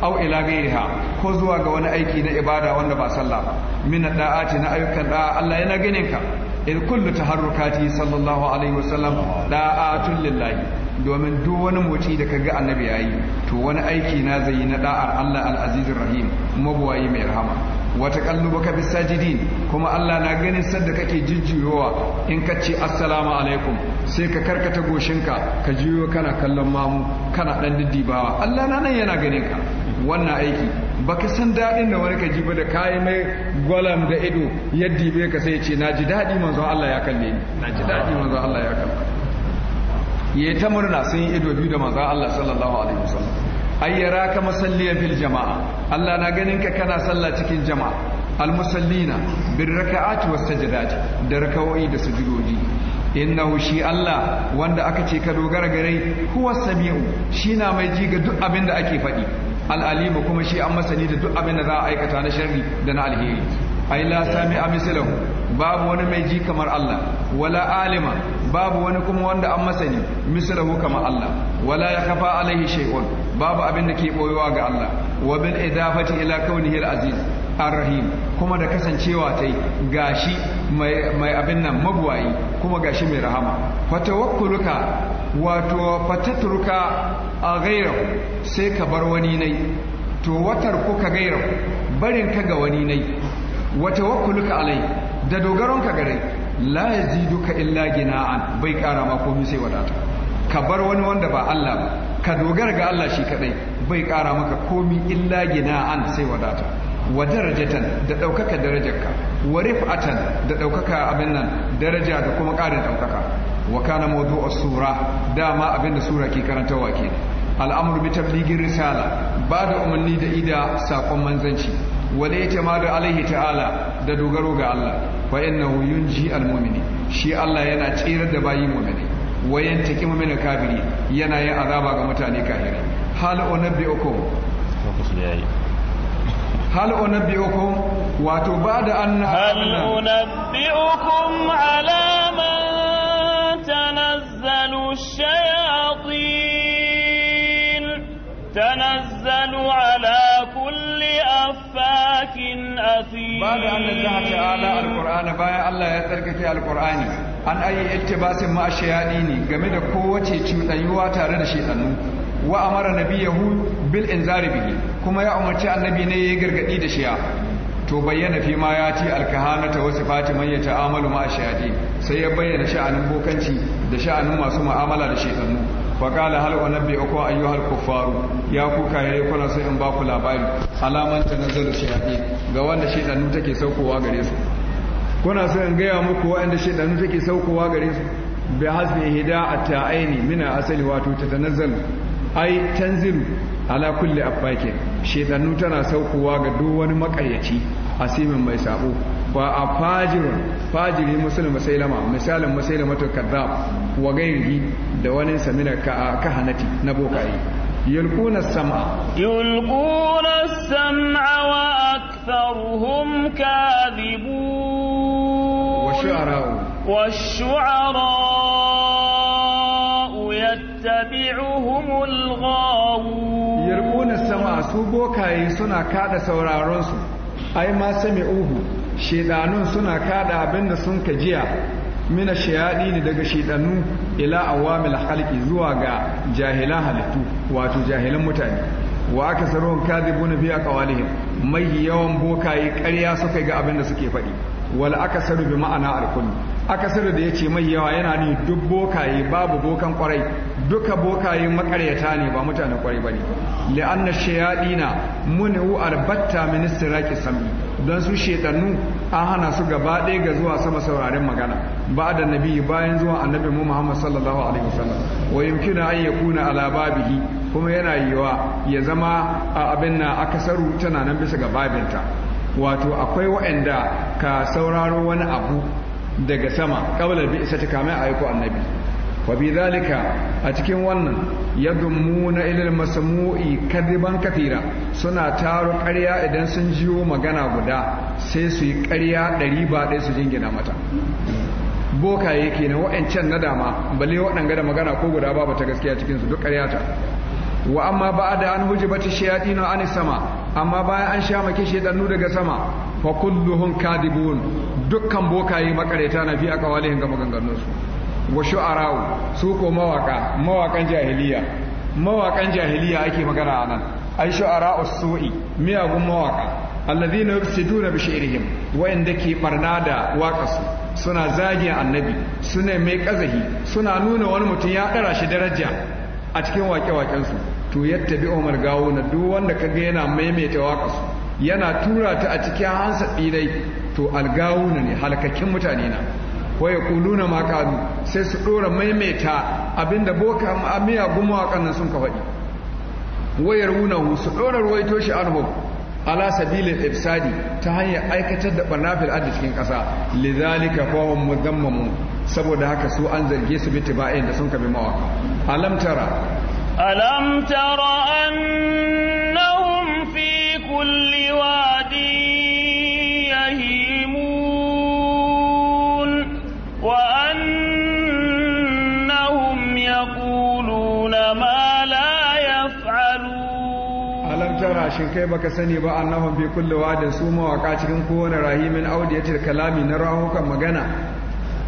au ila gairiha ko zuwa ga wani aiki na ibada wanda ba sallah ba min da'ati na ayyukan da'a Allah yana ganin ka in kullu taharrukati sallallahu alaihi wasallam da'atun lillahi domin duk wani motsi da kaga annabi yayi to wani aiki na zai yi na da'ar Allah al Rahim mabuwayi mai rahama wata baka bi sajidin kuma Allah na ganin sarda kake jijjiyowa in ka ce assalamu alaikum sai ka karkata goshinka ka jiyo kana kallon mamu kana dan diddibawa Allah na nan yana ganin ka wannan aiki baka san daɗin da wani ka ji ba da kayi mai gwalam da ido yadda bai ka sai ce na ji daɗi Allah ya kalle ni na ji daɗi Allah ya kalle ya ta murna sun yi ido biyu da manzan Allah sallallahu alaihi wasallam ai yara ka masalliya fil jama'a Allah na ganin ka kana sallah cikin jama'a al musallina bir raka'ati was sajdat da raka'o'i da sujudoji innahu shi Allah wanda aka ce ka dogara gare huwa sami'u shi na mai ji ga duk abin da ake faɗi al'alimu kuma shi an masani da duk abin da za a aikata na sharri da na alheri ai la sami'a babu wani mai ji kamar Allah wala alima babu wani kuma wanda an masani mislahu kamar Allah wala ya kafa alaihi shay'un babu abin da ke boyewa ga Allah wa bil idafati ila kaunihi al-aziz ar-rahim kuma da kasancewa tai gashi mai abin nan mabuwayi kuma gashi mai rahama fatawakkuluka wato fatatruka a gairahu sai ka bar wani nai to watar kuka gairahu barin ka ga wani nai wata tawakkuluka alai da dogaron ka gare la yaziduka illa gina'an bai kara ma komai sai wadata ka bar wani wanda ba Allah ba ka dogara ga Allah shi kadai bai kara maka komai illa gina'an sai wadata wa darajatan da daukaka darajarka wa rif'atan da daukaka abin nan daraja da kuma ƙara daukaka wa kana mawdu'u sura dama abin da sura ke karantawa wake. al'amru bi tablighi risala ba da umarni da ida sakon manzanci Wani ma da alaihi ta'ala da dogaro ga Allah fa innahu yunji al mu'mini shi Allah yana tsirar da bayi mu'mini wayan taki mu'mini kafiri yana yin azaba ga mutane kafiri hal unabbi'ukum hal unabbi'ukum wato ba da anna hal unabbi'ukum ala man ba da annan laha ala alƙur'ana bayan Allah ya tsarkake alƙur'ani an ayi ittibasin ma'ashiyadi ne game da kowace cuɗanyuwa tare da shaytanu wa amara nabiyahu bil inzari bihi kuma ya umarci annabi ne yayi gargadi da shiya to bayyana fi ma ya ci ta wasu fati man yata'amalu ma ma'ashiyadi sai ya bayyana sha'anin bokanci da sha'anin masu mu'amala da shaytanu wa qala hal wa nabiyukum ayyuhal kuffaru ya ku yi kuna sai in ba ku labari alaman tanazzalu shayatin ga wanda shedanu take saukowa gare su kuna sai in gaya muku wanda shedanu take saukowa gare su bi hasbi atta aini mina asali wato ta tatanazzalu ai tanzil ala kulli affakin shedanu tana saukowa ga duk wani makayyaci asimin mai sabo wa a fajirin fajiri musulun lama misalin musailama to kadab wa gairi da wani samina kahanati na bokaye yulquna sam'a yulquna sam'a wa aktharuhum kadhibun wa shu'ara'u wa shu'ara'u yattabi'uhum al-ghawun yulquna sam'a su bokaye suna kada sauraron su ai ma sami'uhu shedanun suna kada abinda da sun kajiya mina shayaɗi ne daga shedannu ila awamil halki zuwa ga jahilan halittu wato jahilan mutane wa aka saruhun kadhibuna fi aqwalihim mai yawan bokaye ƙarya suka ga abin da suke faɗi wal akasaru bi ma'ana arkun akasaru da yace mai yawa yana ni duk bokaye babu bokan kwarai duka bokaye makaryata ne ba mutane kwarai bane li anna shayadina munu arbatta min istiraqi sami dan su shaytanu an hana su gaba ɗaya ga zuwa sama sauraren magana ba da nabi bayan zuwa annabi mu Muhammad sallallahu alaihi wasallam wa yumkinu an yakuna ala babihi kuma yana yiwa ya zama a abin na akasaru tana nan bisa ga babinta wato akwai waɗanda ka sauraro wani abu daga sama kabla bi isa ta kamar aiko annabi wa bi zalika a cikin wannan na ilil masamu'i kadiban kafira suna taro ƙarya idan sun jiyo magana guda sai su yi ƙarya ɗari ba ɗaya su jingina mata bokaye kenan wa'ancan na dama balle waɗanga da magana ko guda ba ta gaskiya cikin su duk ƙarya ta wa amma da an hujibati shayatin an sama amma bayan an sha maki ɗannu daga sama fa kulluhun kadibun dukkan bokaye makareta na fi kawalihin ga maganganunsu. wa shu'ara'u su ko mawaka mawakan jahiliya mawakan jahiliya ake magana anan ai shu'ara'u su'i miyagun mawaka alladhina yufsiduna bi shi'rihim wa'inda ke barna da waƙasu suna zagi annabi suna mai kazahi suna nuna wani mutum ya dara shi daraja a cikin waƙe waƙensu su to bi Umar gawo na duk wanda kaga yana maimaita wakasu yana tura ta a cikin hansa dinai to algawuna ne halakakin mutane na waya kuluna ma kalu sai su dora maimaita abinda boka amiya gumawa kannan sun ka faɗi wayar wunahu su dora ruwaito shi anhu ala sabilin ifsadi ta hanyar aikatar da banafil a cikin ƙasa lidhalika fahum mudammamun saboda haka su an zarge su bitiba'in da sun kabi mawaka alam tara alam tara an shin kai baka sani ba annahum fi kulli wadin su mawaka cikin kowane rahimin audiyatil kalami na rahukan magana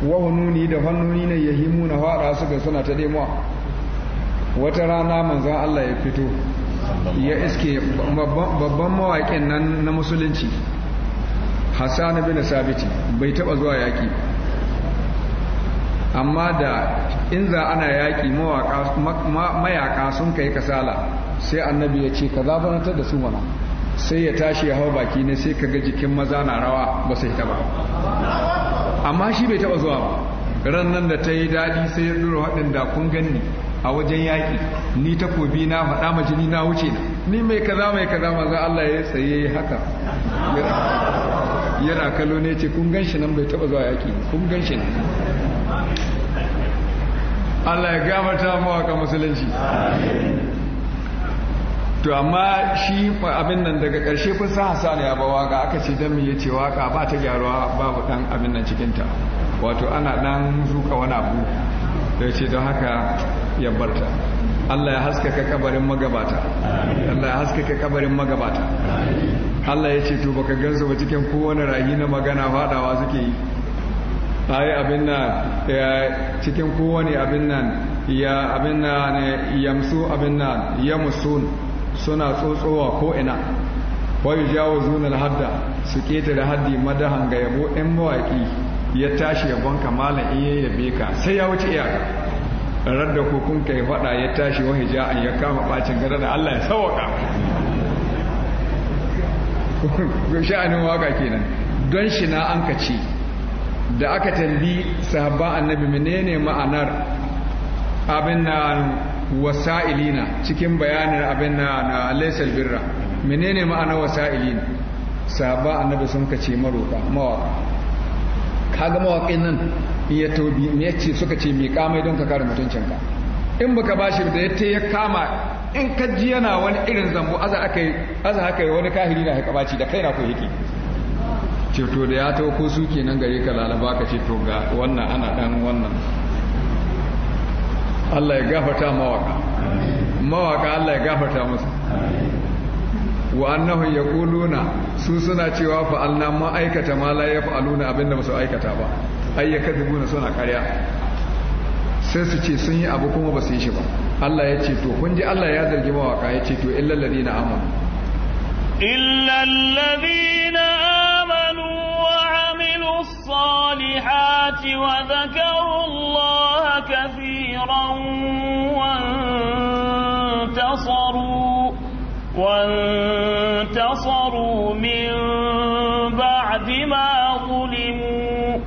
wa hununi da fannuni ne na fara su ga suna ta demuwa wata rana manzon Allah ya fito ya iske babban mawaƙin nan na musulunci hassan bin sabiti bai taba zuwa yaki amma da in za ana yaƙi mayaƙa sun kai kasala sai annabi ya ce ka zaburantar da su mana sai ya tashi ya hau baki ne sai ka ga jikin maza na rawa ba sai ta ba amma shi bai taba zuwa ba ran nan da ta yi daɗi sai ya dura waɗin da kun ganni a wajen yaƙi ni takobi na faɗa ma jini na wuce na ni mai kaza mai kaza maza Allah ya tsaye haka yana kallo ne ce kun ganshi nan bai taba zuwa yaƙi kun ganshi nan Allah ya gafarta mawaka musulunci to amma shi abin nan daga ƙarshe fi sa Hassan ya ba waka aka ce dan ya ce waka ba ta gyaruwa babu dan abin nan cikin ta wato ana dan zuka wani abu da ce don haka ya barta Allah ya haskaka kabarin magabata Allah ya haskaka kabarin magabata Allah ya ce to baka gansu ba cikin kowane rayu na magana fadawa suke yi ai abin nan cikin kowane abin nan ya abin nan yamsu abin nan yamusun suna tsotsowa ko ina wai jawo zunar hadda su ƙetare haddi madahan ga yabo ɗan mawaƙi ya tashi yabon kamala in ya yabe ka sai ya wuce iyaka radda ko kun kai faɗa ya tashi wa ja’an ya kama ɓacin gada da Allah ya sawaka sha'anin waka kenan don shi na an kaci da aka tambi sahabban annabi menene ma'anar abin na wasa'ilina cikin bayanin abin na na alaisal birra menene ma'ana wasa'ilina sahaba annabi sun kace maroka mawaka kaga mawaƙin nan ya tobi me yace suka ce me kamai don ka kare mutuncin ka in baka bashi da yace ya kama in ka ji yana wani irin zambo aza aka yi aza haka yi wani kahiri na haka baci da kaina ko yake ceto da ya tawo ko su kenan gare ka lalaba ka ce to ga wannan ana dan wannan Allah ya gafarta mawaka mawaka Allah ya gafarta musu wa annahu yaquluna su suna cewa fa alna ma aikata ma la yaf'aluna abinda musu aikata ba ai ya suna karya sai su ce sun yi abu kuma ba su yi shi ba Allah ya ce to kun ji Allah ya zargi mawaka ya ce to illal ladina amanu illal ladina الصالحات وذكروا الله كثيرا وانتصروا وانتصروا من بعد ما ظلموا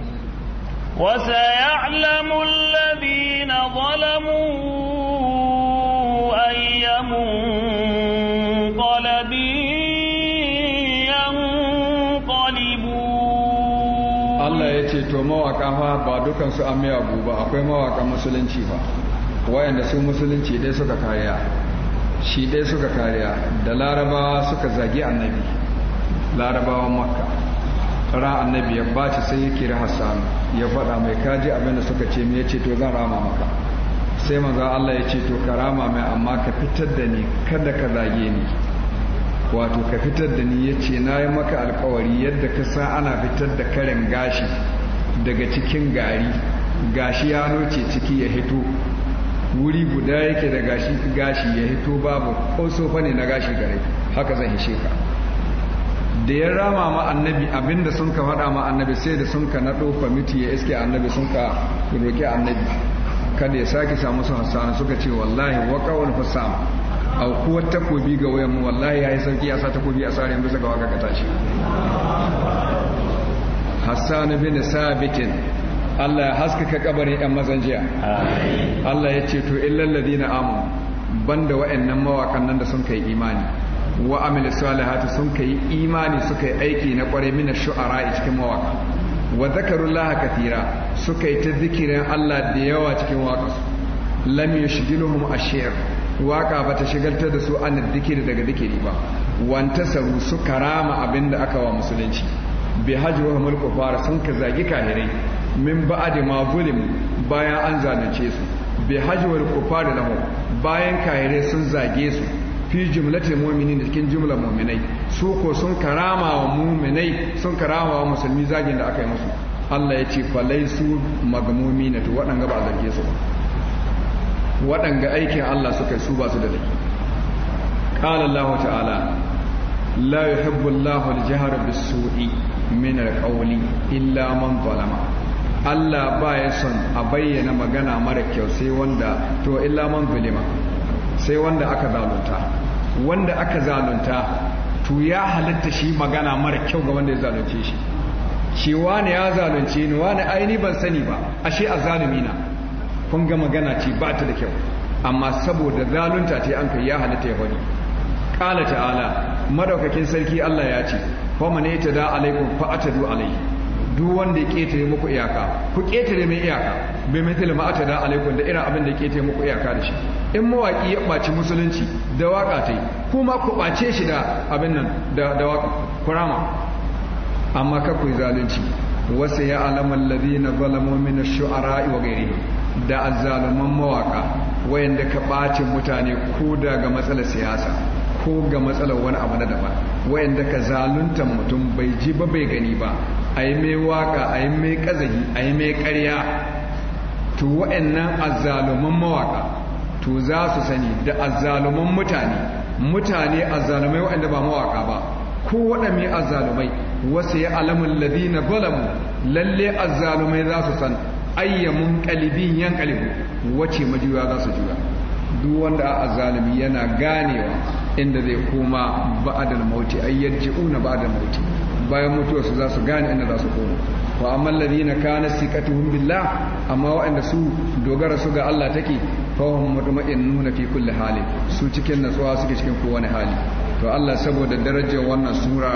وسيعلم الذين ظلموا mawaka fa ba dukan su an miyagu ba akwai mawaka musulunci ba wayanda su musulunci dai suka kariya shi dai suka kariya da larabawa suka zagi annabi larabawan makka ran annabi ya baci sai ya kira hassan ya faɗa mai kaji abinda suka ce me ya ce to zan rama maka sai manzo Allah ya ce to karama mai amma ka fitar da ni kada ka zage ni wato ka fitar da ni ya ce na yi maka alkawari yadda ka sa ana fitar da karin gashi daga cikin gari gashi ya noce ciki ya hito wuri guda yake da gashi gashi ya hito babu ƙosofa ne na gashi gare haka zai hishe ka da ya rama ma annabi abinda sun ka faɗa ma annabi sai da sun ka naɗo kwamiti ya iske annabi sun ka roƙi annabi kada ya sake samu su hassanu suka ce wallahi waƙawar fasam aukuwar takobi ga wayan mu wallahi ya yi sauki ya sa takobi a tsarin bisa ga waka ka tashi hassan bin sabitin Allah ya haskaka kabarin yan mazan jiya Allah ya ce to illal ladina ban banda wa'annan mawakan nan da sun kai imani wa amil salihati sun kai imani suka yi aiki na kware mina shu'ara cikin mawaka wa zakarullaha kathira suka yi ta zikirin Allah da yawa cikin waka lam yushghiluhum ashir waka bata shigaltar da su an dikiri daga dikiri ba wanta saru suka rama abinda aka wa musulunci bi wa mulku fara sun ka zagi kahirai min ba'adi ma zulim bayan an zalunce su bi mulku kufari lahu bayan kahirai sun zage su fi jumlatul mu'minin cikin jumlar mu'minai su ko sun karama wa mu'minai sun karama wa musulmi zagin da aka yi musu Allah ya ce fa laisu na to waɗanga ba a su ba aikin Allah suka su ba su da laifi qala Allah ta'ala la yuhibbu Allahu al-jahra bis-su'i min al-qawli illa man zalama Allah ba ya son a bayyana magana mara kyau sai wanda to illa man zulima sai wanda aka zalunta wanda aka zalunta to ya halitta shi magana mara kyau ga wanda ya zalunce shi shi wani ya zalunce ni wani aini ban sani ba ashe a zalumi na kun ga magana ce ba ta da kyau amma saboda zalunta ce an kai ya halitta ya wani qala ta'ala madaukakin sarki Allah ya ce ne ta yatada alaikum fa'ata du alaihi duk wanda ya ketare muku iyaka ku ketare mai iyaka bai mithil ma da alaikum da irin abin da ya ketare muku iyaka da shi in mawaki ya ɓaci musulunci da waka yi, kuma ku ɓace shi da abin nan da waka kurama amma ka ku zalunci wasu ya lari na zalamu min shu'ara wa gari da azzaluman mawaka wayanda ka ɓacin mutane ko daga matsalar siyasa ko ga matsalar wani abu na daban wayanda ka zalunta mutum bai ji ba bai gani ba a yi mai waka a yi mai kazagi a yi mai karya to wayannan azzaluman mawaka to za su sani da azzaluman mutane mutane azzalumai wayanda ba mawaka ba ko waɗanne azzalumai wasu ya alamun ladina zalamu lalle azzalumai za su san ayyamun kalibin yan kalibu wace majuya za su juya duk wanda a azzalumi yana ganewa inda zai koma ba'adal mauti ay yarji'una ba'adal mauti bayan mutuwa su za su gane inda za su koma wa amma alladhina kana siqatuhum billah amma waɗanda su dogara su ga Allah take fa hum nuna fi kulli hali su cikin natsuwa suke cikin kowane hali to Allah saboda darajar wannan sura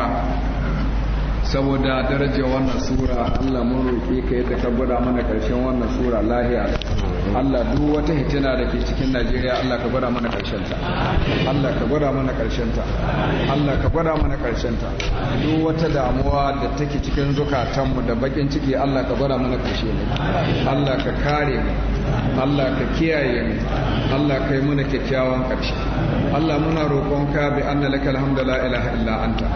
saboda darajar wannan sura Allah mun roƙe ka yadda ka gwada mana ƙarshen wannan sura lahiya Allah duk wata hitina da ke cikin Najeriya Allah ka gwada mana ƙarshen ta Allah ka gwada mana ƙarshen ta Allah ka gwada mana ƙarshen ta duk wata damuwa da take cikin zukatanmu da bakin ciki Allah ka gwada mana ƙarshe ne Allah ka kare mu Allah ka kiyaye mu Allah ka yi mana kyakkyawan ƙarshe Allah muna roƙonka bi anna lakal hamdu la ilaha illa anta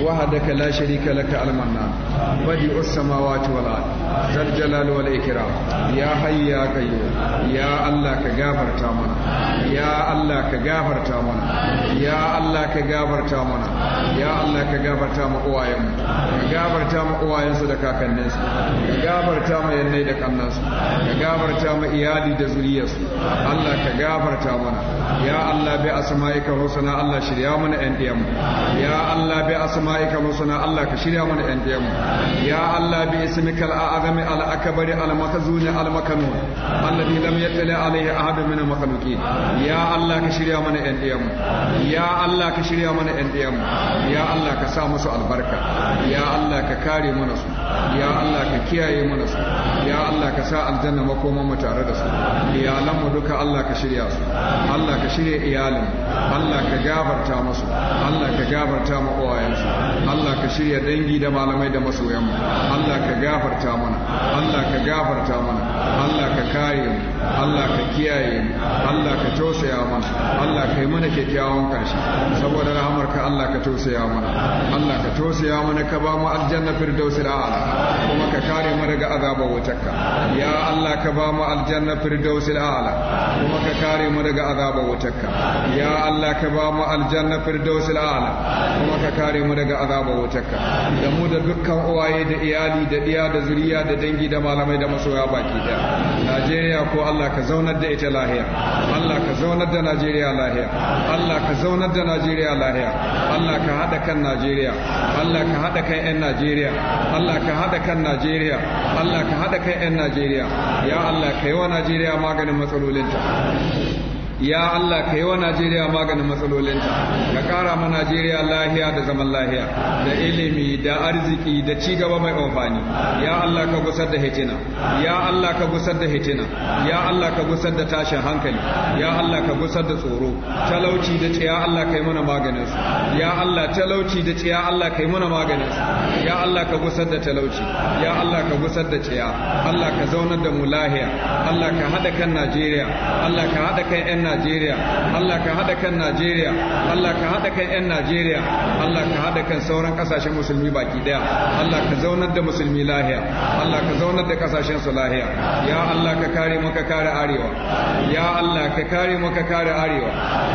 wahdaka la sharika laka برحمتك المنان بديع السماوات والارض ذا الجلال والاكرام يا حي يا قيوم يا الله كغفرت منا يا الله كغفرت منا يا الله كغفرت منا يا الله كغفرت mu uwayenmu ka gafarta mu uwayensu da kakanninsu ka gafarta mu yannai da kannansu ka gafarta mu iyali da zuriyarsu Allah ka gafarta mana ya Allah bi asma'ika husna Allah shirya mana ƴan ya Allah Allah shirya shirya mana yan diyan ya Allah bi ismikal a'zami al akbari al makhzuni al makanun alladhi lam yatli alayhi ahad min al makhluqin ya Allah ka shirya mana yan diyan ya Allah ka shirya mana yan diyan ya Allah ka sa musu albarka ya Allah ka kare mana su ya Allah ka kiyaye mana su ya Allah ka sa aljanna makoman mu tare da su iyalan mu duka Allah ka shirya su Allah ka shirya iyalin Allah ka gafarta musu Allah ka gafarta mu Allah ka shirya dan alheri da malamai da masoyan Allah ka gafarta mana Allah ka gafarta mana Allah ka kare mu Allah ka kiyaye mu Allah ka tausaya mana Allah ka yi mana kyakkyawan kashi saboda rahamar ka Allah ka tausaya mana Allah ka tausaya mana ka ba mu aljanna firdausil a'la kuma ka kare mu daga azabar wutarka ya Allah ka ba mu aljanna firdausil a'la kuma ka kare mu daga azabar wutarka ya Allah ka ba mu aljanna firdausil a'la kuma ka kare mu daga azabar wutarka da mu da dukkan uwaye da iyali da ɗiya da zuriya da dangi da malamai da masoya baki da Najeriya ko Allah ka zaunar da ita lahiya Allah ka zaunar da Najeriya lahiya Allah ka zaunar da Najeriya lahiya Allah ka haɗa kan Najeriya Allah ka haɗa kan 'yan Najeriya Allah ka haɗa kan Najeriya Allah ka haɗa kan 'yan Najeriya ya Allah ka yi wa Najeriya maganin matsalolinta ya Allah ka yi wa Najeriya maganin matsalolinta ka ƙara ma Najeriya lahiya da zaman lahiya da ilimi da arziki da ci gaba mai amfani ya Allah ka gusar da hitina ya Allah ka gusar da hitina ya Allah ka gusar da tashin hankali ya Allah ka gusar da tsoro talauci da tsiya Allah ka yi mana maganin su ya Allah talauci da tsiya Allah ka yi mana maganin su ya Allah ka gusar da talauci ya Allah ka gusar da tsiya Allah ka zaunar da mu lahiya Allah ka hada kan Najeriya Allah ka hada kan 'yan Najeriya Allah ka haɗa kan Najeriya Allah ka haɗa kan 'yan Najeriya Allah ka haɗa kan sauran ƙasashen musulmi baki ɗaya Allah ka zaunar da musulmi lahiya Allah ka zaunar da ƙasashen su lahiya ya Allah ka kare mu ka kare arewa ya Allah ka kare mu ka kare arewa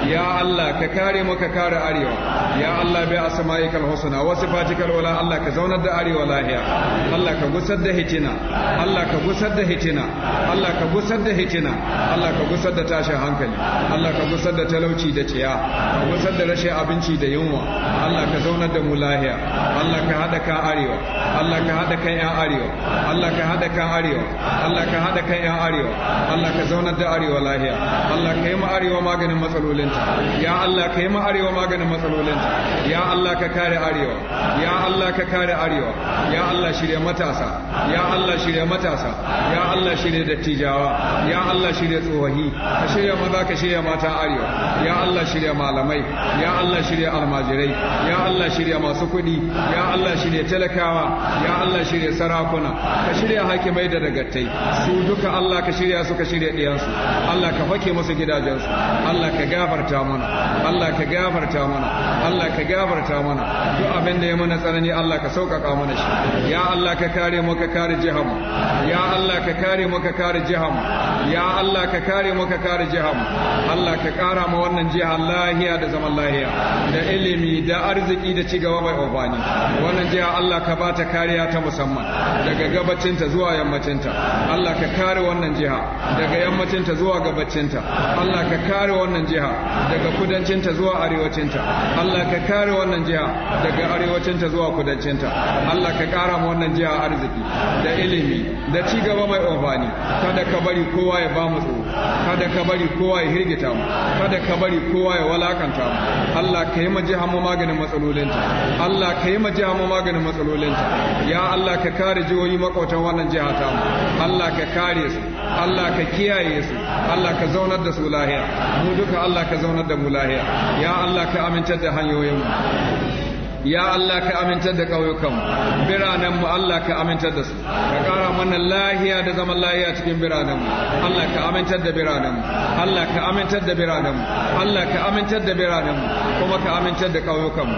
ya Allah ka kare mu ka kare arewa ya Allah bai asma'ikal husna wa sifatikal ula Allah ka zaunar da arewa lahiya Allah ka gusar da hitina Allah ka gusar da hitina Allah ka gusar da hitina Allah ka gusar da tashin hankali Allah ka gusar da talauci da ciya ka gusar da rashin abinci da yunwa Allah ka zaunar da mu lahiya Allah ka hada kan arewa Allah ka hada kan yan arewa Allah ka hada kan arewa Allah ka hada kan yan arewa Allah ka zaunar da arewa lahiya Allah ka yi mu arewa maganin matsalolinta ya Allah ka yi mu arewa maganin matsalolinta ya Allah ka kare arewa ya Allah ka kare arewa ya Allah shirya matasa ya Allah shirya matasa ya Allah shirya dattijawa ya Allah shirya tsohahi ka shirya maza ka shirya mata arewa ya Allah shirya malamai ya Allah shirya almajirai ya Allah shirya masu kuɗi ya Allah shirya talakawa ya Allah shirya sarakuna ka shirya hakimai da dagattai su duka Allah ka shirya su ka shirya ɗiyansu Allah ka fake musu gidajensu Allah ka gafarta mana Allah ka gafarta mana Allah ka gafarta mana duk abin da ya mana tsanani Allah ka sauƙaƙa mana shi ya Allah ka kare mu ka kare jihar ya Allah ka kare mu ka kare jihar ya Allah ka kare mu ka kare jihar Allah ka ƙara ma wannan jiha lahiya da zaman lahiya da ilimi da arziki da cigaba mai amfani wannan jiha Allah ka bata kariya ta musamman daga gabacinta zuwa yammacinta Allah ka kare wannan jiha daga yammacinta zuwa gabacinta Allah ka kare wannan jiha daga kudancinta zuwa arewacinta Allah ka kare wannan jiha daga arewacinta zuwa kudancinta Allah ka ƙara ma wannan jiha arziki da ilimi da cigaba mai amfani kada ka bari kowa ya ba mu tsoro kada ka bari kowa ya hirgita mu kada ka bari kowa ya walakanta mu Allah ka yi maji hamu maganin matsalolinta Allah ka yi maji hamu maganin matsalolinta ya Allah ka kare jihohi makwatan wannan jiha ta mu Allah ka kare su Allah ka kiyaye su Allah ka zaunar da su lahiya mu duka Allah ka zaunar da mu lahiya ya Allah ka amintar da hanyoyin mu ya Allah ka amintar da ƙauyukan biranenmu Allah ka amintar da su ka ƙara mana lahiya da zaman lahiya cikin biranenmu Allah ka amintar da biranenmu Allah ka amintar da biranenmu Allah ka amintar da biranenmu kuma ka amintar da ƙauyukanmu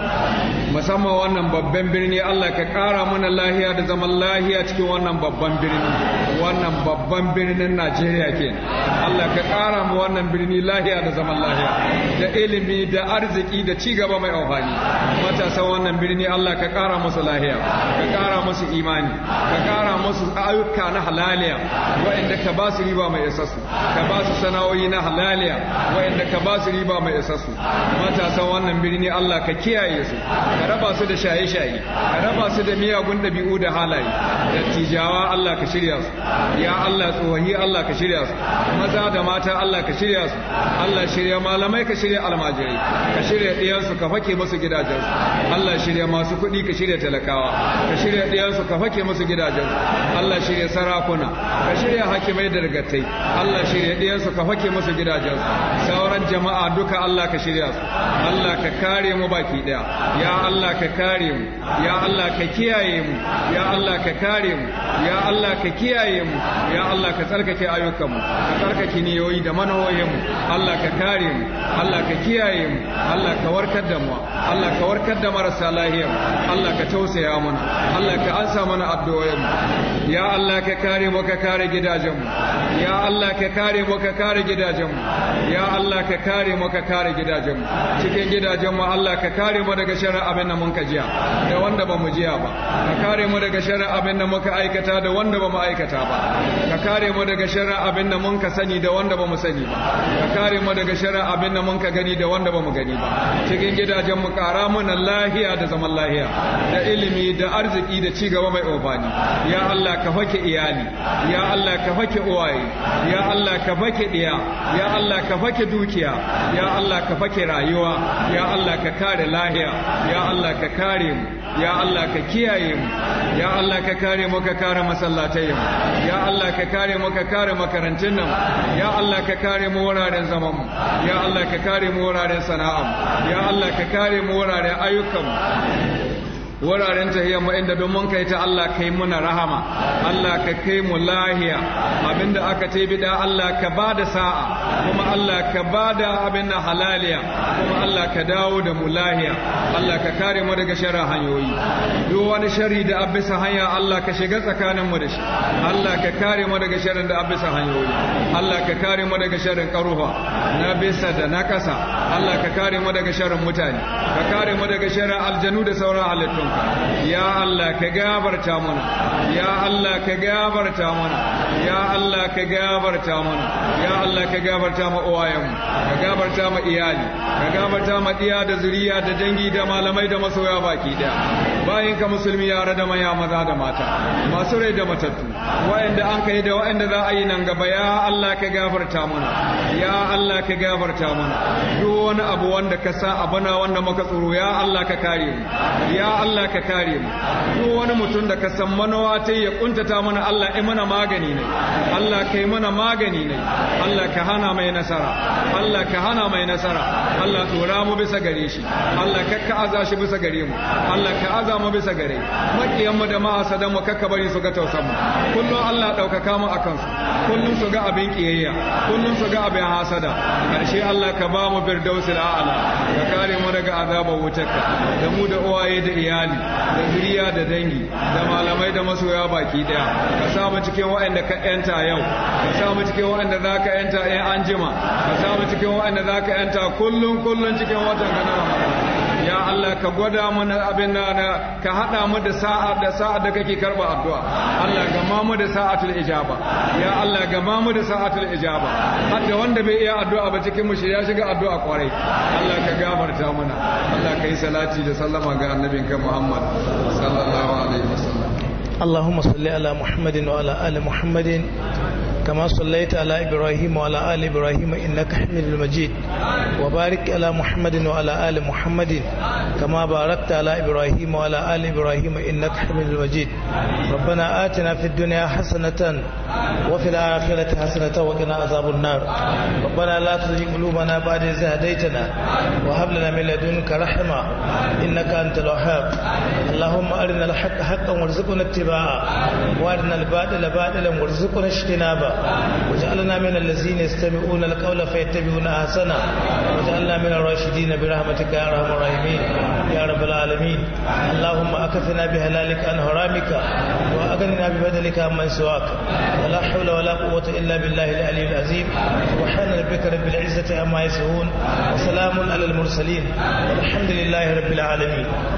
musamman wannan babban birni Allah ka ƙara mana lahiya da zaman lahiya cikin wannan babban birni wannan babban birnin Najeriya ke Allah ka ƙara mu wannan birni lahiya da zaman lahiya da ilimi da arziki da cigaba mai amfani matasan wannan birni Allah ka ƙara musu lahiya ka ƙara musu imani ka ƙara musu ayyuka na halaliya wa'inda ka ba su riba mai isassu ka ba su sana'o'i na halaliya wa'inda ka ba su riba mai isassu matasan wannan birni Allah ka kiyaye su ka raba su da shaye-shaye ka raba su da miyagun ɗabi'u da halaye da tijawa Allah ka shirya su ya Allah tsohi Allah ka shirya su maza da mata Allah ka shirya su Allah shirya malamai ka shirya almajirai ka shirya ɗiyansu ka fake musu gidajensu Allah shirya masu kuɗi ka shirya talakawa ka shirya ɗiyansu ka fake musu gidajen Allah shirya sarakuna ka shirya hakimai da dargatai Allah shirya ɗiyansu ka fake musu gidajen sauran jama'a duka Allah ka shirya su Allah ka kare mu baki ɗaya ya Allah ka kare mu ya Allah ka kiyaye mu ya Allah ka kare mu ya Allah ka kiyaye mu ya Allah ka tsarkake mu ka tsarkake niyoyi da mu Allah ka kare mu Allah ka kiyaye mu Allah ka warkar da mu Allah ka warkar da mara marasa lahiya Allah ka tausaya mana Allah ka ansa mana addu'o'in ya Allah ka kare mu ka kare gidajen mu ya Allah ka kare mu ka kare gidajen mu ya Allah ka kare mu ka kare gidajen mu cikin gidajen mu Allah ka kare mu daga sharar abin da mun ka jiya da wanda ba mu jiya ba ka kare mu daga sharar abin da muka aikata da wanda ba mu aikata ba ka kare mu daga sharar abin da mun ka sani da wanda ba mu sani ba ka kare mu daga sharar abin da mun ka gani da wanda ba mu gani ba cikin gidajen mu kara mana lahiya lahiya da zaman lahiya da ilimi da arziki da ci gaba mai obani ya Allah ka fake iyali ya Allah ka fake uwaye ya Allah ka fake diya ya Allah ka fake dukiya ya Allah ka fake rayuwa ya Allah ka kare lahiya ya Allah ka kare mu ya Allah ka kiyaye mu ya Allah ka kare mu ka kare masallatai mu ya Allah ka kare mu ka kare makarantun nan ya Allah ka kare mu wuraren zaman mu ya Allah ka kare mu wuraren sana'a mu ya Allah ka kare mu wuraren ayyukan mu wuraren tahiyar mu inda mun kai ta Allah kai muna rahama Allah ka kai mu lahiya abinda aka ce bida Allah ka bada sa'a kuma Allah ka bada abin na halaliya kuma Allah ka dawo da mu lahiya Allah ka kare mu daga sharrin hanyoyi duk wani sharri da abisa hanya Allah ka shiga tsakanin mu da shi Allah ka kare mu daga sharrin da abisa hanyoyi Allah ka kare mu daga sharrin karuwa na bisa da na kasa Allah ka kare mu daga sharrin mutane ka kare mu daga sharrin aljanu da sauran halittun ya Allah ka gabarta mana ya Allah ka gabarta mana ya Allah ka gabarta mana ya Allah ka gabarta ma uwayen ka gabarta ma iyali ka gabarta ma iya da zuriya da dangi da malamai da masoya baki daya bayan ka musulmi yara da maya maza da mata masu rai da matattu wayanda an kai da wayanda za a yi nan gaba ya Allah ka gabarta mana ya Allah ka gabarta mana duk wani abu wanda ka sa abana wanda muka tsoro ya Allah ka kare mu ya Allah Allah ka kare mu duk wani mutum da ka san manowa ta ya kuntata mana Allah ai mana magani ne Allah kai mana magani ne Allah ka hana mai nasara Allah ka hana mai nasara Allah tura mu bisa gare shi Allah kakka aza shi bisa gare mu Allah ka aza mu bisa gare makiyan mu da ma'asadan mu kakka bari su ga tausan mu kullum Allah ɗaukaka mu akan su kullum su ga abin kiyayya kullum su ga abin hasada karshe Allah ka ba mu firdausil a'ala ka kare mu daga azabar ka da mu da uwaye da iyali iyali da zuriya da dangi da malamai da masoya baki daya ka samu cikin waɗanda ka yanta yau ka samu cikin waɗanda za ka yanta in anjima ka samu cikin waɗanda za ka yanta kullum kullum cikin watan ka na ya Allah ka gwada mana abin nan ka hada mu da sa'a da sa'a da kake karba addu'a Allah gama mu da sa'atul ijaba ya Allah gama mu da sa'atul ijaba hadda wanda bai iya addu'a ba cikin mu ya shiga addu'a kwarai Allah ka gafarta mana Allah kai salati da sallama ga annabinka Muhammad sallallahu alaihi wasallam اللهم ala muhammadin wa ala ali muhammadin. كما صليت على إبراهيم وعلى آل إبراهيم إنك حميد مجيد وبارك على محمد وعلى آل محمد كما باركت على إبراهيم وعلى آل إبراهيم إنك حميد مجيد ربنا آتنا في الدنيا حسنة وفي الآخرة حسنة وقنا عذاب النار ربنا لا تزغ قلوبنا بعد إذ هديتنا وهب لنا من لدنك رحمة إنك أنت الوهاب اللهم أرنا الحق حقا وارزقنا اتباعه وأرنا الباطل باطلا وارزقنا اجتنابه واجعلنا من الذين يستمعون القول فيتبعون احسنه واجعلنا من الراشدين برحمتك يا ارحم الراحمين يا رب العالمين اللهم اكفنا بهلالك عن حرامك واغننا ببدلك عمن سواك ولا حول ولا قوه الا بالله العلي العظيم سبحان ربك رب العزه عما يصفون وسلام على المرسلين والحمد لله رب العالمين